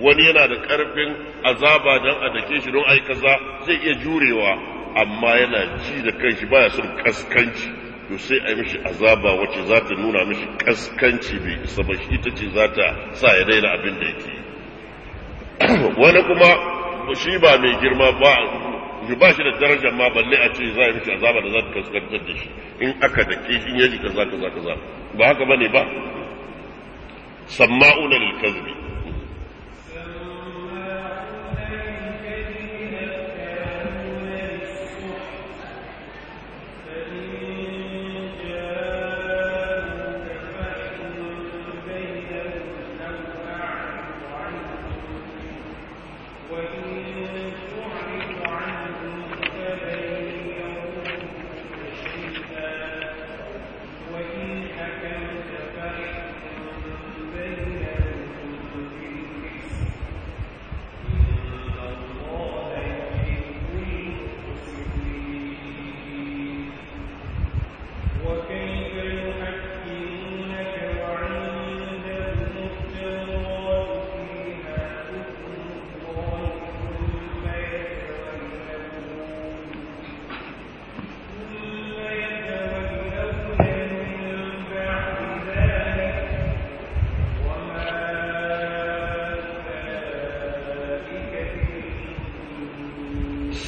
wani yana da karfin azaba don a dake shi don ai kaza zai iya jurewa amma yana ci da kanshi baya son kaskanci to sai a yi mishi azaba wacce za ta nuna mishi kaskanci bai isa shi ita ce za ta sa ya daina abin da yake wani kuma shi ba mai girma ba shi ba shi da darajar ma balle a ce za a mishi azaba da za ta kaskantar da shi in aka da ke shi yaji kaza kaza kaza ba haka bane ba samma'una lil kazbi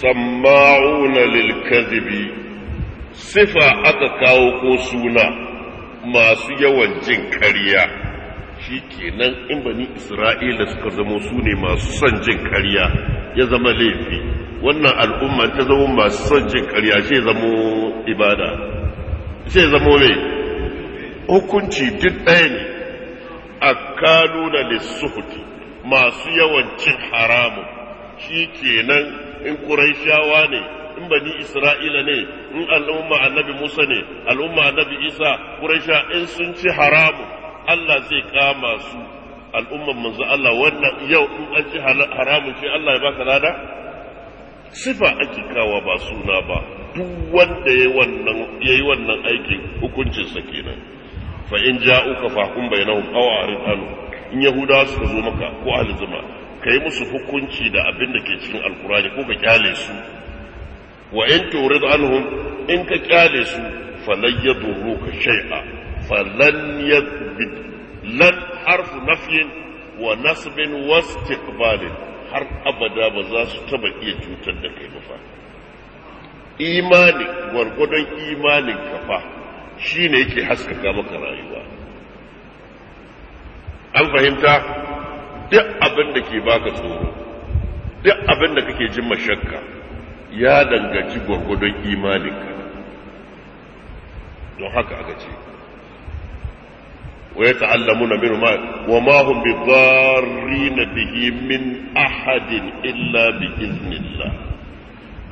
sama'una lilkazibi sifa aka kawo ko suna masu yawan jin kariya shi kenan in bani isra'ila suka zama su ne masu son jin karya ya zama laifi wannan al'umma ta zama masu son jin kariya shi zama ibada shi zama mai hukunci duk ɗaya ne a kanuna lissuhuti masu yawan cin haramun shi kenan in quraishawa ne in bani isra'ila ne in al'umma annabi musa ne al'umma annabi isa quraisha in sun ci haramu Allah zai kama su al'umman manzo Allah wannan yau in an ci haramun shi Allah ya baka lada sifa ake kawa ba suna ba duk wanda ya wannan yayi wannan aikin hukuncinsa kenan fa in ja'uka fahkum bainahum aw a'rid anhu in yahudawa suka zo maka ko ahli zuma ka yi musu hukunci da abin da ke cikin alkurani ko ka kyale su wa in turid anhum in ka kyale su falan yadurruka shay'a falan yadbid lan harfu nafyin wa nasbin wa har abada ba za su taba iya cutar da kai ba imani gwargwadon imanin kafa shine yake haskaka maka rayuwa an fahimta duk abin da ke baka tsoro duk abin da kake jin mashakka ya dangaci gwargwadon imaninka don haka aka ce wa na min ma wa ma hum na bihi min ahadin illa bi iznillah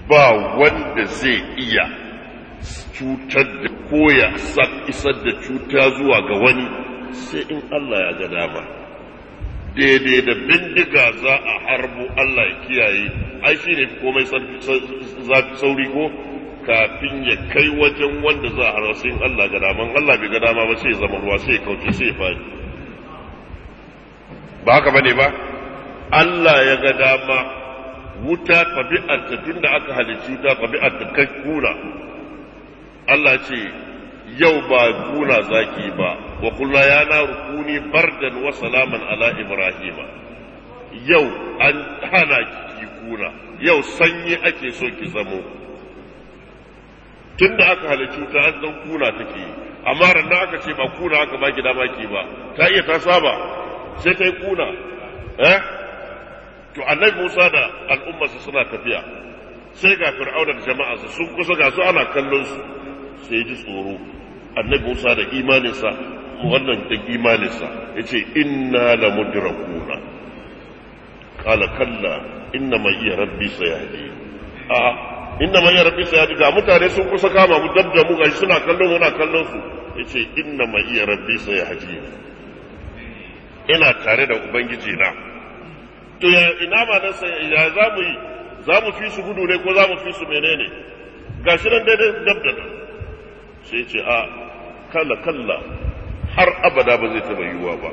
ba wanda zai iya cutar da koya isar da cuta zuwa ga wani sai in Allah ya ga dama daidai da bindiga za a harbo Allah ya kiyaye ai shi ne komai sauri ko kafin ya kai wajen wanda za a harba sai Allah ga dama Allah bai ga dama ba sai zama ruwa sai kauce sai fadi ba haka bane ba Allah ya ga dama wuta tabi'ar ta tunda aka halicci wuta tabi'ar ta kai kura Allah ce yau ba kuna zaki ba wa kula ya na rukuni bardan wa salaman ala ibrahima yau an hana ki kuna yau sanyi ake so ki zamo tunda aka halicci ta an zan kuna take yi amma da aka ce ba kuna aka baki dama ki ba ta iya ta saba sai ta kuna eh to annabi Musa da al'ummarsa suna tafiya sai ga fir'auna da su sun kusa ga su ana kallon su sai ji tsoro annabi Musa da imaninsa wannan da imaninsa yace inna la mudrakuna kala kalla inna ma iya rabbi sayahdi a inna ma iya rabbi sayahdi ga mutane sun kusa kama mu da mu gashi suna kallon muna kallon su yace inna ma iya rabbi sayahdi ina tare da ubangiji na to ya ina ma dan sai ya za mu yi za mu fi su gudu ne ko za mu fi su menene gashi nan daidai dabda sai ce a kala kalla har abada ba zai taba yiwuwa ba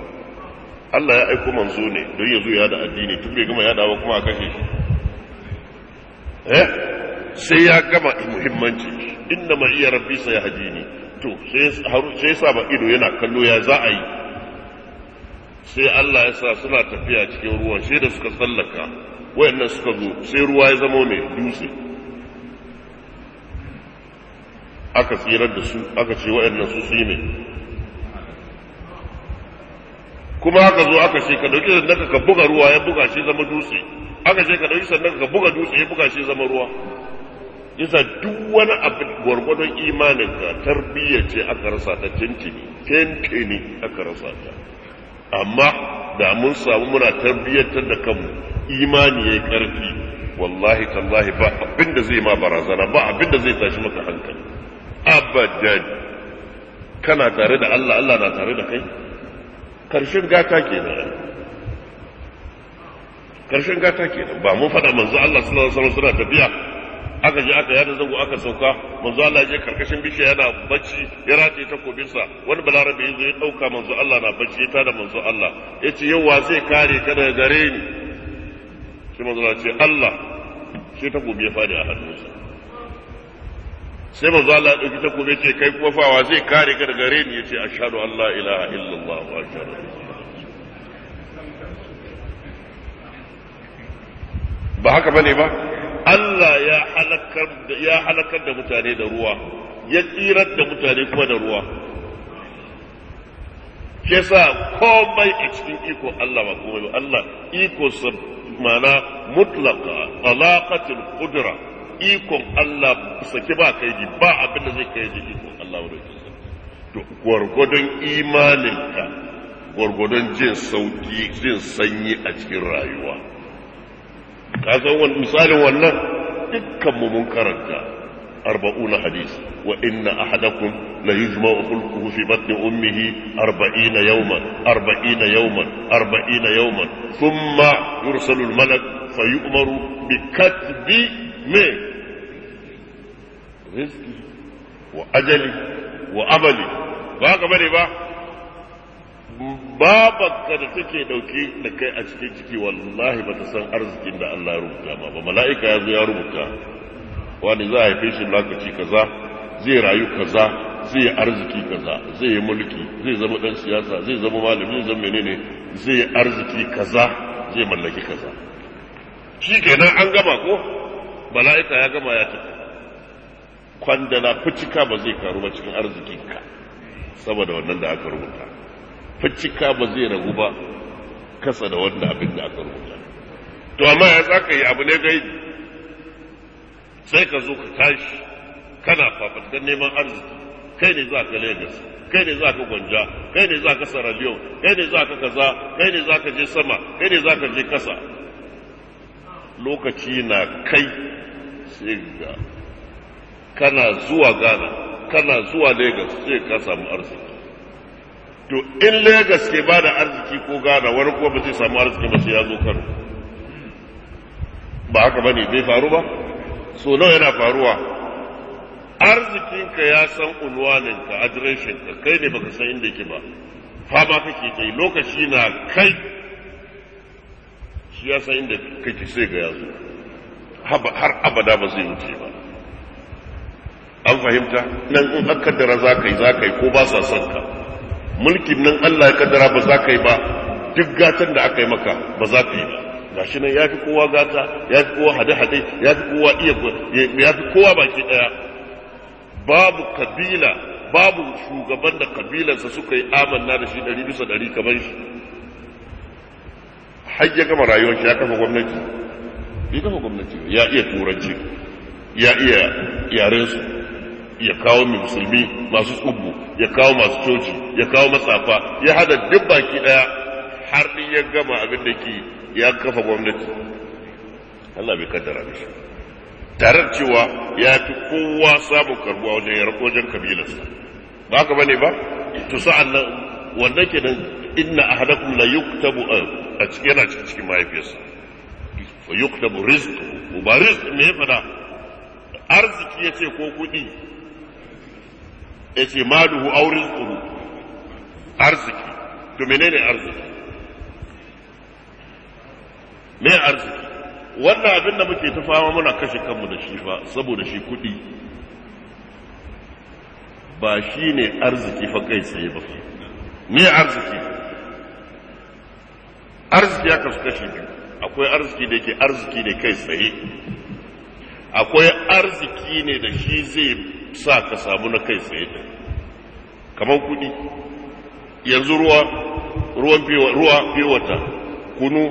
Allah ya aiko manzo ne don ya zo ya da addini tun bai gama ya dawo kuma a kashe eh sai ya gama muhimmanci inna ma iya rabbi sai hadini to sai sa ba ido yana kallo ya za a yi sai Allah ya sa suna tafiya cikin ruwan sai da suka tsallaka wayannan suka zo sai ruwa ya zama mai dutse aka tsirar da su aka ce waɗannan su su yi ne kuma aka zo aka ce ka ɗauki sannan ka buga ruwa ya buga shi zama dutse aka ce ka ɗauki sannan ka buga dutse ya buga shi zama ruwa isa duk wani abin gwargwadon imaninka tarbiyya ce aka rasa ta tintini tintini aka rasa ta amma da mun samu muna tarbiyyantar da kanmu imani yi karfi wallahi tallahi ba abin da zai ma barazana ba abin da zai tashi maka hankali abadan kana tare da Allah Allah na tare da kai karshen gata kenan karshen gata kenan ba mun faɗa manzo Allah sallallahu alaihi wasallam suna tafiya aka je aka yada zango aka sauka manzo Allah je karkashin bishiya yana bacci ya rataye takobinsa wani balarabe yazo ya dauka manzo Allah na bacci ya tada manzo Allah yace yau wa zai kare ka daga gare ni shi manzo Allah ce Allah sai takobi ya fadi a hannunsa sai manzo Allah ta kuma ce kai kuma fawa zai kare ka daga reni ce a an Allah ilaha illallah wa shaɗu ba haka ba ne ba Allah ya halakar da mutane da ruwa ya tsirar da mutane kuma da ruwa ke sa komai a cikin iko Allah ba komai ba Allah iko sa mana mutlaka alaqatul kudura. ikon Allah saki ba kai ji ba abin da zai kai ji ikon Allah wa rokin sa to gwargwadon imaninka gwargwadon jin sauki jin sanyi a cikin rayuwa ka san wani misalin wannan dukkan mu mun karanta أربعون حديث وإن أحدكم ليجمع خلقه في بطن أمه أربعين يوما أربعين يوما أربعين يوما ثم يرسل الملك فيؤمر بكتب من rizki wa ajali wa amali ba ka bane ba babanka da take dauke da kai a cikin ciki wallahi ba ta san arzikin da Allah ya rubuta ba ba mala'ika ya zo ya rubuta wani za a haife shi lokaci kaza zai rayu kaza zai arziki kaza zai yi mulki zai zama dan siyasa zai zama malami zai zama menene zai arziki kaza zai mallaki kaza shi kenan an gama ko mala'ika ya gama ya tafi kwandala ficika ba zai karu ba cikin arzikinka saboda wannan da aka rubuta ficika ba zai ragu ba kasa da wanda abin da aka rubuta to amma ya za ka yi abu ne gai sai ka zo ka tashi kana fafatkar neman arziki kai ne za ka lagos kai ne za ka gwanja kai ne za ka sarabiyo kai ne za ka kaza kai ne za ka je sama kai ne za ka je kasa lokaci na kai sai ga kana zuwa Ghana kana zuwa Lagos sai ka samu arziki to in Lagos ke ba da arziki ko Ghana wani kuma ba zai samu arziki ba sai ya zo Kano ba haka bane bai faru ba so nawa yana faruwa arzikinka ya san unwaninka adireshinka kai ne baka san inda yake ba fama kake kai lokaci na kai shi ya san inda kake sai ga yazo har abada ba zai wuce ba an fahimta nan in aka kaddara za ka yi za ka yi ko ba sa son ka mulkin nan Allah ya kaddara ba za ka yi ba duk gatan da aka yi maka ba za ka yi ba shi nan ya fi kowa gata ya fi kowa hade-hade ya fi kowa iya ya fi kowa baki daya babu kabila babu shugaban da kabilansa suka yi amanna da shi ɗari bisa ɗari kamar shi har ya gama rayuwar shi ya kafa gwamnati ya kafa gwamnati ya iya turanci ya iya yarensu ya kawo mai musulmi masu tsubu ya kawo masu coci ya kawo matsafa ya hada duk baki daya har din ya gama abin da ke ya kafa gwamnati Allah bai kaddara mishi tare da cewa ya fi kowa samun karbuwa wajen ya wajen kabilarsa ba ka bane ba to sa'an nan wannan nan inna ahadakum la yuktabu a cikin cikin mahaifiyarsa fa yuktabu rizqu ba risk ne ya fada arziki ya ce ko kuɗi ya ce maluhu aurin tsoro arziki to menene arziki me arziki wannan abin da muke ta fama muna kashe kanmu da shi fa saboda shi kuɗi ba shi ne arziki fa kai tsaye ba me arziki arziki ya kasu kashe biyu akwai arziki da yake arziki ne kai tsaye akwai arziki ne da shi zai sa ka samu na kai tsaye ɗin kamar kuɗi yanzu ruwa ruwan ruwa wata kunu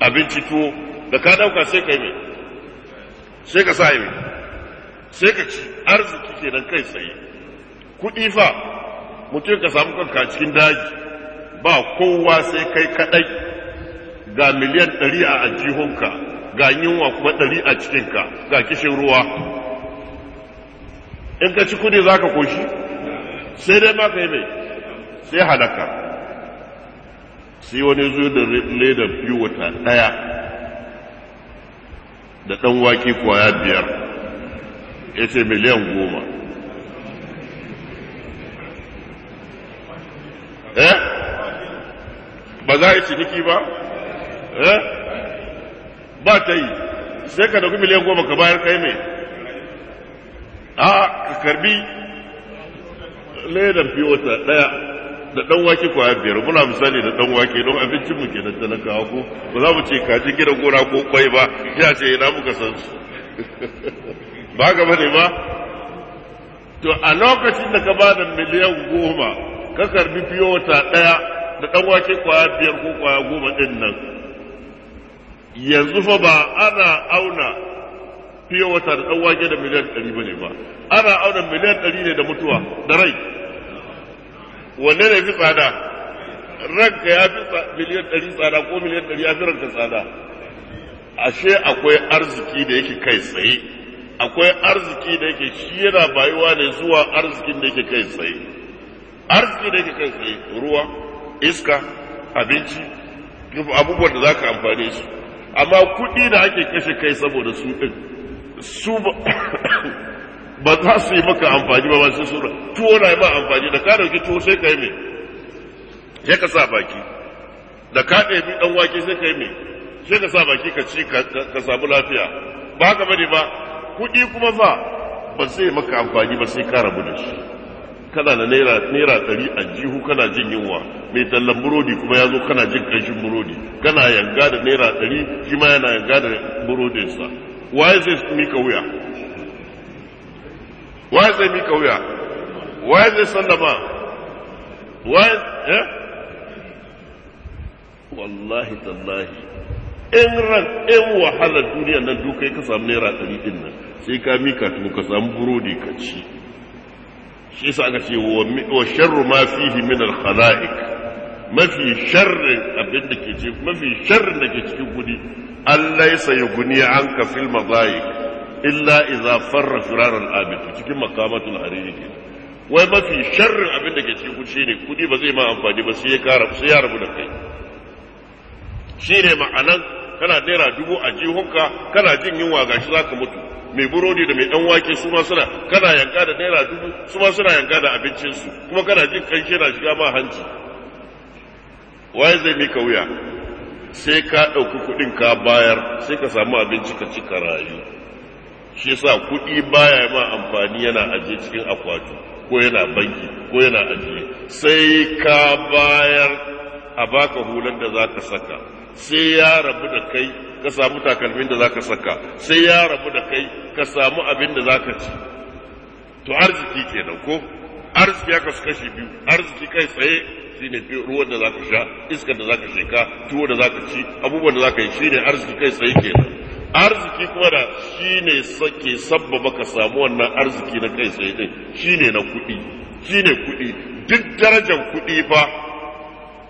abinci tuwo da ka ɗauka sai ka yi mai sai ka sa yi mai sai ka ci arziki kenan kai tsaye kuɗi fa mutum ka samu kanka cikin daji ba kowa sai kai kaɗai ga miliyan ɗari a ajihunka ga yunwa kuma ɗari a cikinka ga kishin ruwa in ka ci kudi za ka koshi sai dai ma ka yi mai sai halaka sai wani zo da ledar biyu wata ɗaya da ɗan wake kwaya biyar ya ce miliyan goma eh ba za a yi ciniki ba eh ba ta yi sai ka dauki miliyan goma ka bayar kai mai a ka karbi ledar fi wata ɗaya da dan wake kwaya biyar muna misali da dan wake don abincin mu kenan talakawa ko ba za mu ce ji gidan gona ko kwai ba ya ce ina muka san su ba gaba ne ba to a lokacin da ka bada miliyan goma ka karbi fiye wata ɗaya da dan wake kwaya biyar ko kwaya goma din nan yanzu fa ba ana auna fiye wata da ɗan da miliyan ɗari ba ne ba ana auna miliyan ɗari ne da mutuwa da rai wanne ne fi tsada ranka ya fi miliyan ɗari tsada ko miliyan ɗari ya fi ranka tsada ashe akwai arziki da yake kai tsaye akwai arziki da yake shi yana bayuwa ne zuwa arzikin da yake kai tsaye arziki da yake kai tsaye ruwa iska abinci abubuwan da za ka amfane su amma kuɗi da ake kashe kai saboda su ɗin su ba za su yi maka amfani ba masu sura tuwo na yi ma amfani da ka dauki tuwo sai ka yi mai sai ka sa baki da ka ɗebi dan wake sai ka yi mai sai ka sa baki ka ci ka samu lafiya ba ka bane ba kuɗi kuma fa ba zai maka amfani ba sai ka rabu da shi kana da naira naira ɗari a jihu kana jin yunwa mai tallan burodi kuma ya zo kana jin ƙanshin burodi kana yanga da naira ɗari shi ma yana yanga da burodinsa waye zai mika wuya waye zai mika wuya waye zai sallama waye eh wallahi tallahi in ran in wahala duniya nan dukai ka samu naira ɗari din nan sai ka mika tuku ka samu burodi ka ci shi yasa aka ce wa sharru ma fihi min al khalaiq mafi sharrin abin da ke ce mafi sharrin da ke cikin kudi an laisa yuguni an ka fil madaik illa idza farra firar al cikin makamatul hariri wai mafi sharrin abin da ke cikin kudi ne kudi ba zai ma amfani ba sai ya kara sai ya rabu da kai shine ma'anan kana naira dubu a jihunka kana jin yunwa gashi zaka mutu mai burodi da mai dan wake su ma suna kana yanka da naira dubu su ma suna yanka da abincin kuma kana jin kanshi na shiga ma hanci waye zai mika wuya sai ka ɗauki kuɗin ka bayar sai ka samu abinci ka ci rayu shi yasa kuɗi baya ma amfani yana ajiye cikin akwati ko yana banki ko yana ajiye sai ka bayar a baka hulan da za ka saka sai ya rabu da kai ka samu takalmin da za ka saka sai ya rabu da kai ka samu abin da za ka ci to arziki kenan ko arziki ya kasu kashi biyu arziki kai tsaye shine ruwan da zaka sha iskar da zaka sheka tuwo da zaka ci abubuwan da zaka yi shine arziki kai tsaye kenan arziki kuma da shine sake sabbaba ka samu wannan arziki na kai tsaye din shine na kuɗi shine kuɗi duk darajar kuɗi fa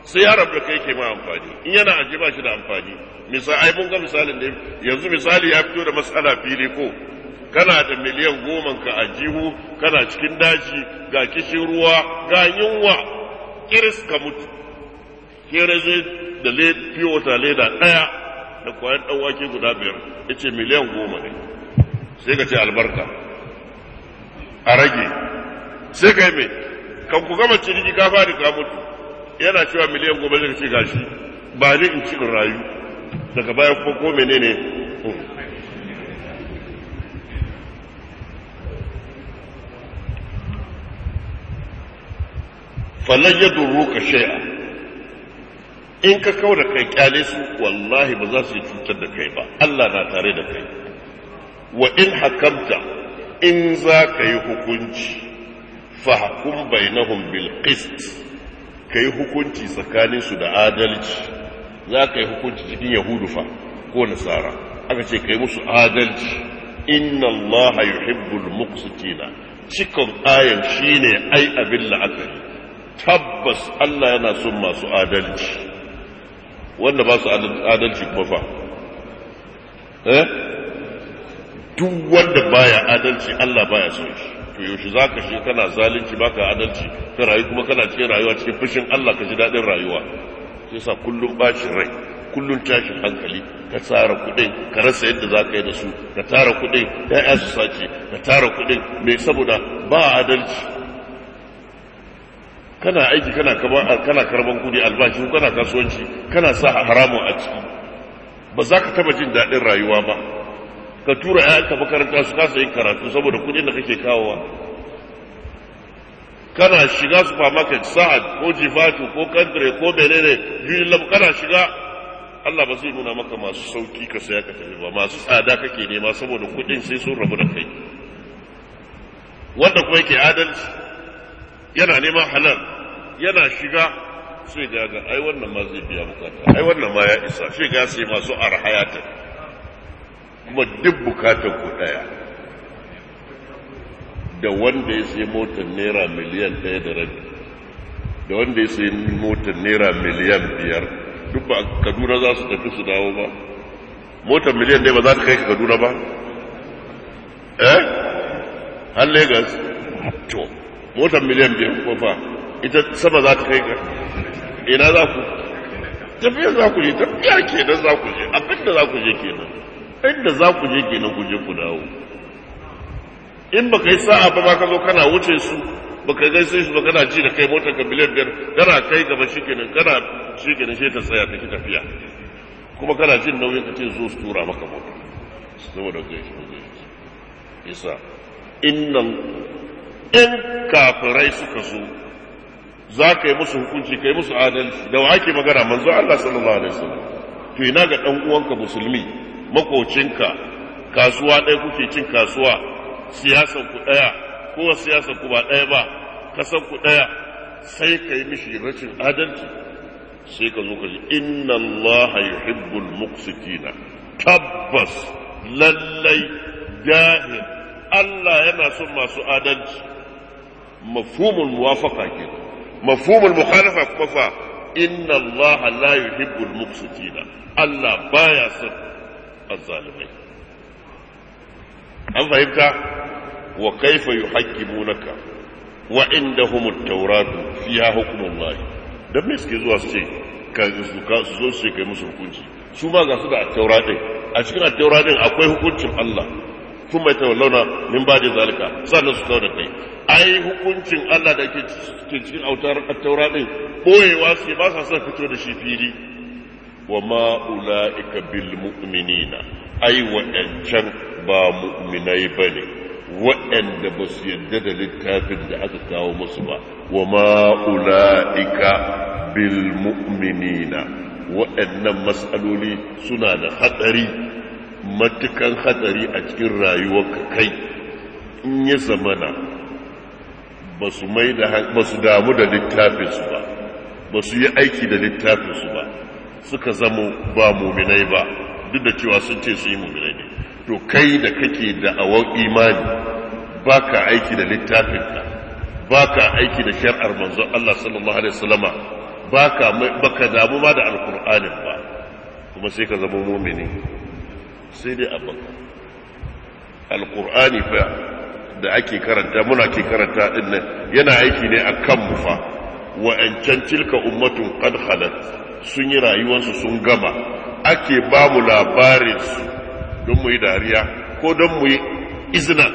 sai ya rabu kai ke ma amfani in yana aje ba shi da amfani misali ai mun ga misalin da yanzu misali ya fito da matsala fili ko kana da miliyan goma ka a jihu kana cikin daji ga kishin ruwa ga yunwa kiris ka mutu kira zai da piyota leda ɗaya da kwayan ɗan wake guda biyar ya ce miliyan goma ne sai ka ce albarka a rage sai ka yi mai kan ku gama ciniki ka fari ka mutu yana cewa miliyan goma zai ka ce gashi ba ni in cikin rayu daga baya ko menene ne hmm. falan ya duru ka shay'a in ka kawo da kai kyale su wallahi ba za su yi cutar da kai ba Allah na tare da kai wa in hakamta in za ka yi hukunci fahkum bainahum bil qist kai hukunci tsakanin su da adalci za ka yi hukunci cikin yahudu fa ko nasara aka ce kai musu adalci inna allaha yuhibbul muqsitina cikon ayan shine ai abin la'akari tabbas Allah yana son masu adalci wanda ba su adalci kuma fa eh duk wanda baya adalci Allah baya son shi to yaushe zaka shi kana zalunci baka adalci ka rayu kuma kana cikin rayuwa cikin fushin Allah ka ji daɗin rayuwa sai sa kullum bacin rai kullum tashin hankali ka tsara kudin ka rasa yadda za ka yi da su ka tara kudin ya'ya su sace ka tara kudin mai saboda ba adalci kana aiki kana kana karban kudi albashi kana kasuwanci kana sa haramun a ciki ba za ka taba jin daɗin rayuwa ba ka tura ka makaranta su kasa yin karatu saboda kudin da kake kawowa kana shiga supermarket sa'ad ko jifatu ko kandire ko menene yuyin lam kana shiga Allah ba zai nuna maka masu sauki ka saya ka tafi ba masu tsada kake nema saboda kudin sai sun rabu da kai wanda kuma yake adalci yana neman halal yana shiga sai ga ga ai wannan ma zai biya bukata ai wannan ma ya isa shi ga sai masu arhayata kuma duk bukata ku daya da wanda ya sai motar naira miliyan daya da rabi da wanda ya sai motar naira miliyan biyar duk ba kaduna za su tafi su dawo ba motar miliyan ɗaya ba za ta kai ka kaduna ba eh halle lagos to motar miliyan biyar ko fa ita sama za ta kai ga ina za ku Tafiya za ku je tafiya kenan za ku je abinda za ku je kenan inda za ku je kenan ku je ku dawo in ba kai sa'a ba ba ka zo kana wuce su kai gaisu su ba kana ji da kai motar ka miliyan biyar kana kai gaba nan, kana nan shi ta tsaya ta ki tafiya kuma kana jin nauyin ka ce zo su tura maka motar saboda gaishe gaishe isa inna in kafirai suka zo za ka yi musu hukunci ka yi musu adalci da wa ake magana manzo Allah sallallahu alaihi wasallam to ina ga dan uwanka musulmi makocinka kasuwa ɗaya kuke cin kasuwa siyasar ku ɗaya ko siyasar ku ba ɗaya ba kasan ku ɗaya sai ka yi mishi rashin adalci sai ka zo ka ji inna Allah yuhibbul tabbas lallai jahil Allah yana son masu adalci مفهوم الموافقة كده مفهوم المخالفة kuma fa inna allaha la yuhibbul Allah baya son azzalimai an fahimta wa kaifa yuhaqqimunaka wa indahumut tawratu fiha hukmullah dan me suke zuwa su ce ka su zo su ce kai musu hukunci su ma ga su da a cikin at akwai hukuncin Allah sun bai launa min ba da zalika sannan su da kai ai hukuncin Allah da ke cikin autar attaura din boyewa su ba sa son fito da shi fili wa ma ulaika bil mu'minina ai wa'ancan ba mu'minai bane wa'anda ba su yadda da littafin da aka kawo musu ba wa ma ulaika bil mu'minina wa'annan mas'aloli suna da hatsari matukan hatsari a cikin rayuwarka kai in ya zamana ba su damu da littafinsu ba ba su yi aiki da littafinsu ba suka zama ba muminai ba duk da cewa sun ce su yi muminai ne to kai da kake da awon imani ba ka aiki da littafinka ba ka aiki da shar'ar manzon Allah sallallahu Alaihi wasallama ba ka damu ma da alkur'anin ba kuma sai ka zama mumini sai dai abubakar alkur'ani fa da ake karanta muna ke karanta din nan yana aiki ne a kan fa wa'ancan tilka ummatun qad sun yi rayuwarsu sun gama ake ba mu labarinsu don mu yi dariya ko don mu yi izina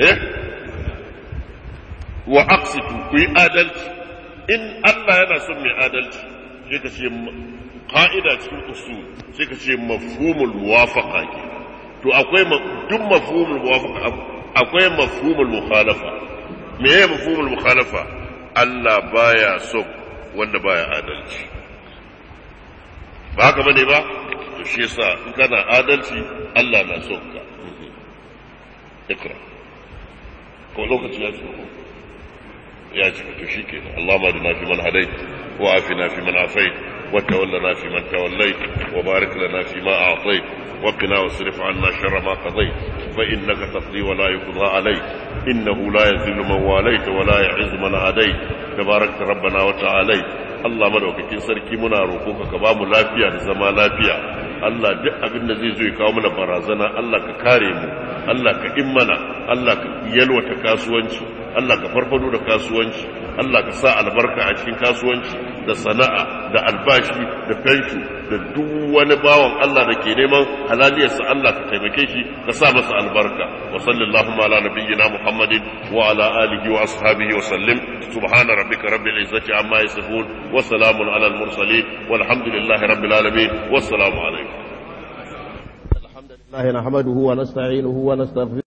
eh? wa aksitu ku yi adalci in Allah yana son mai adalci sai ka ce ka'ida cikin usul sai ka ce mafhumul muwafaqa ke to akwai duk mafhumul muwafaqa akwai mafhumul mukhalafa me ya mafhumul mukhalafa Allah baya son wanda baya adalci ba ka bane ba to shi yasa in kana adalci Allah na son ka ikra ko lokaci ya tsoro يا جماعة شكرا اللهم أدنا في hadai wa afina fi man afai وتولنا فيمن توليت وبارك لنا فيما أعطيت وقنا واصرف عنا شر ما قضيت فإنك تقضي ولا يقضى عليك إنه لا يذل من واليت ولا يعز من عاديت تبارك ربنا وتعاليت Allah madaukakin sarki muna roƙonka ka ba mu lafiya da zama lafiya Allah duk abin da zai zo ya kawo mana barazana Allah ka kare mu Allah ka immana Allah ka yalwata kasuwanci Allah ka farfado da kasuwanci Allah ka sa albarka a cikin kasuwanci da sana'a da albashi da fenshi da duk wani bawan Allah da ke neman halaliyarsa Allah ka taimake shi ka sa masa albarka wa sallallahu ala nabiyyina muhammadin wa ala alihi wa ashabihi wa sallim subhana rabbika rabbil izzati amma yasifun wa salamun ala al mursalin walhamdulillahi rabbil alamin wassalamu alaikum alhamdulillah nahmaduhu wa nasta'inuhu wa nastaghfiruh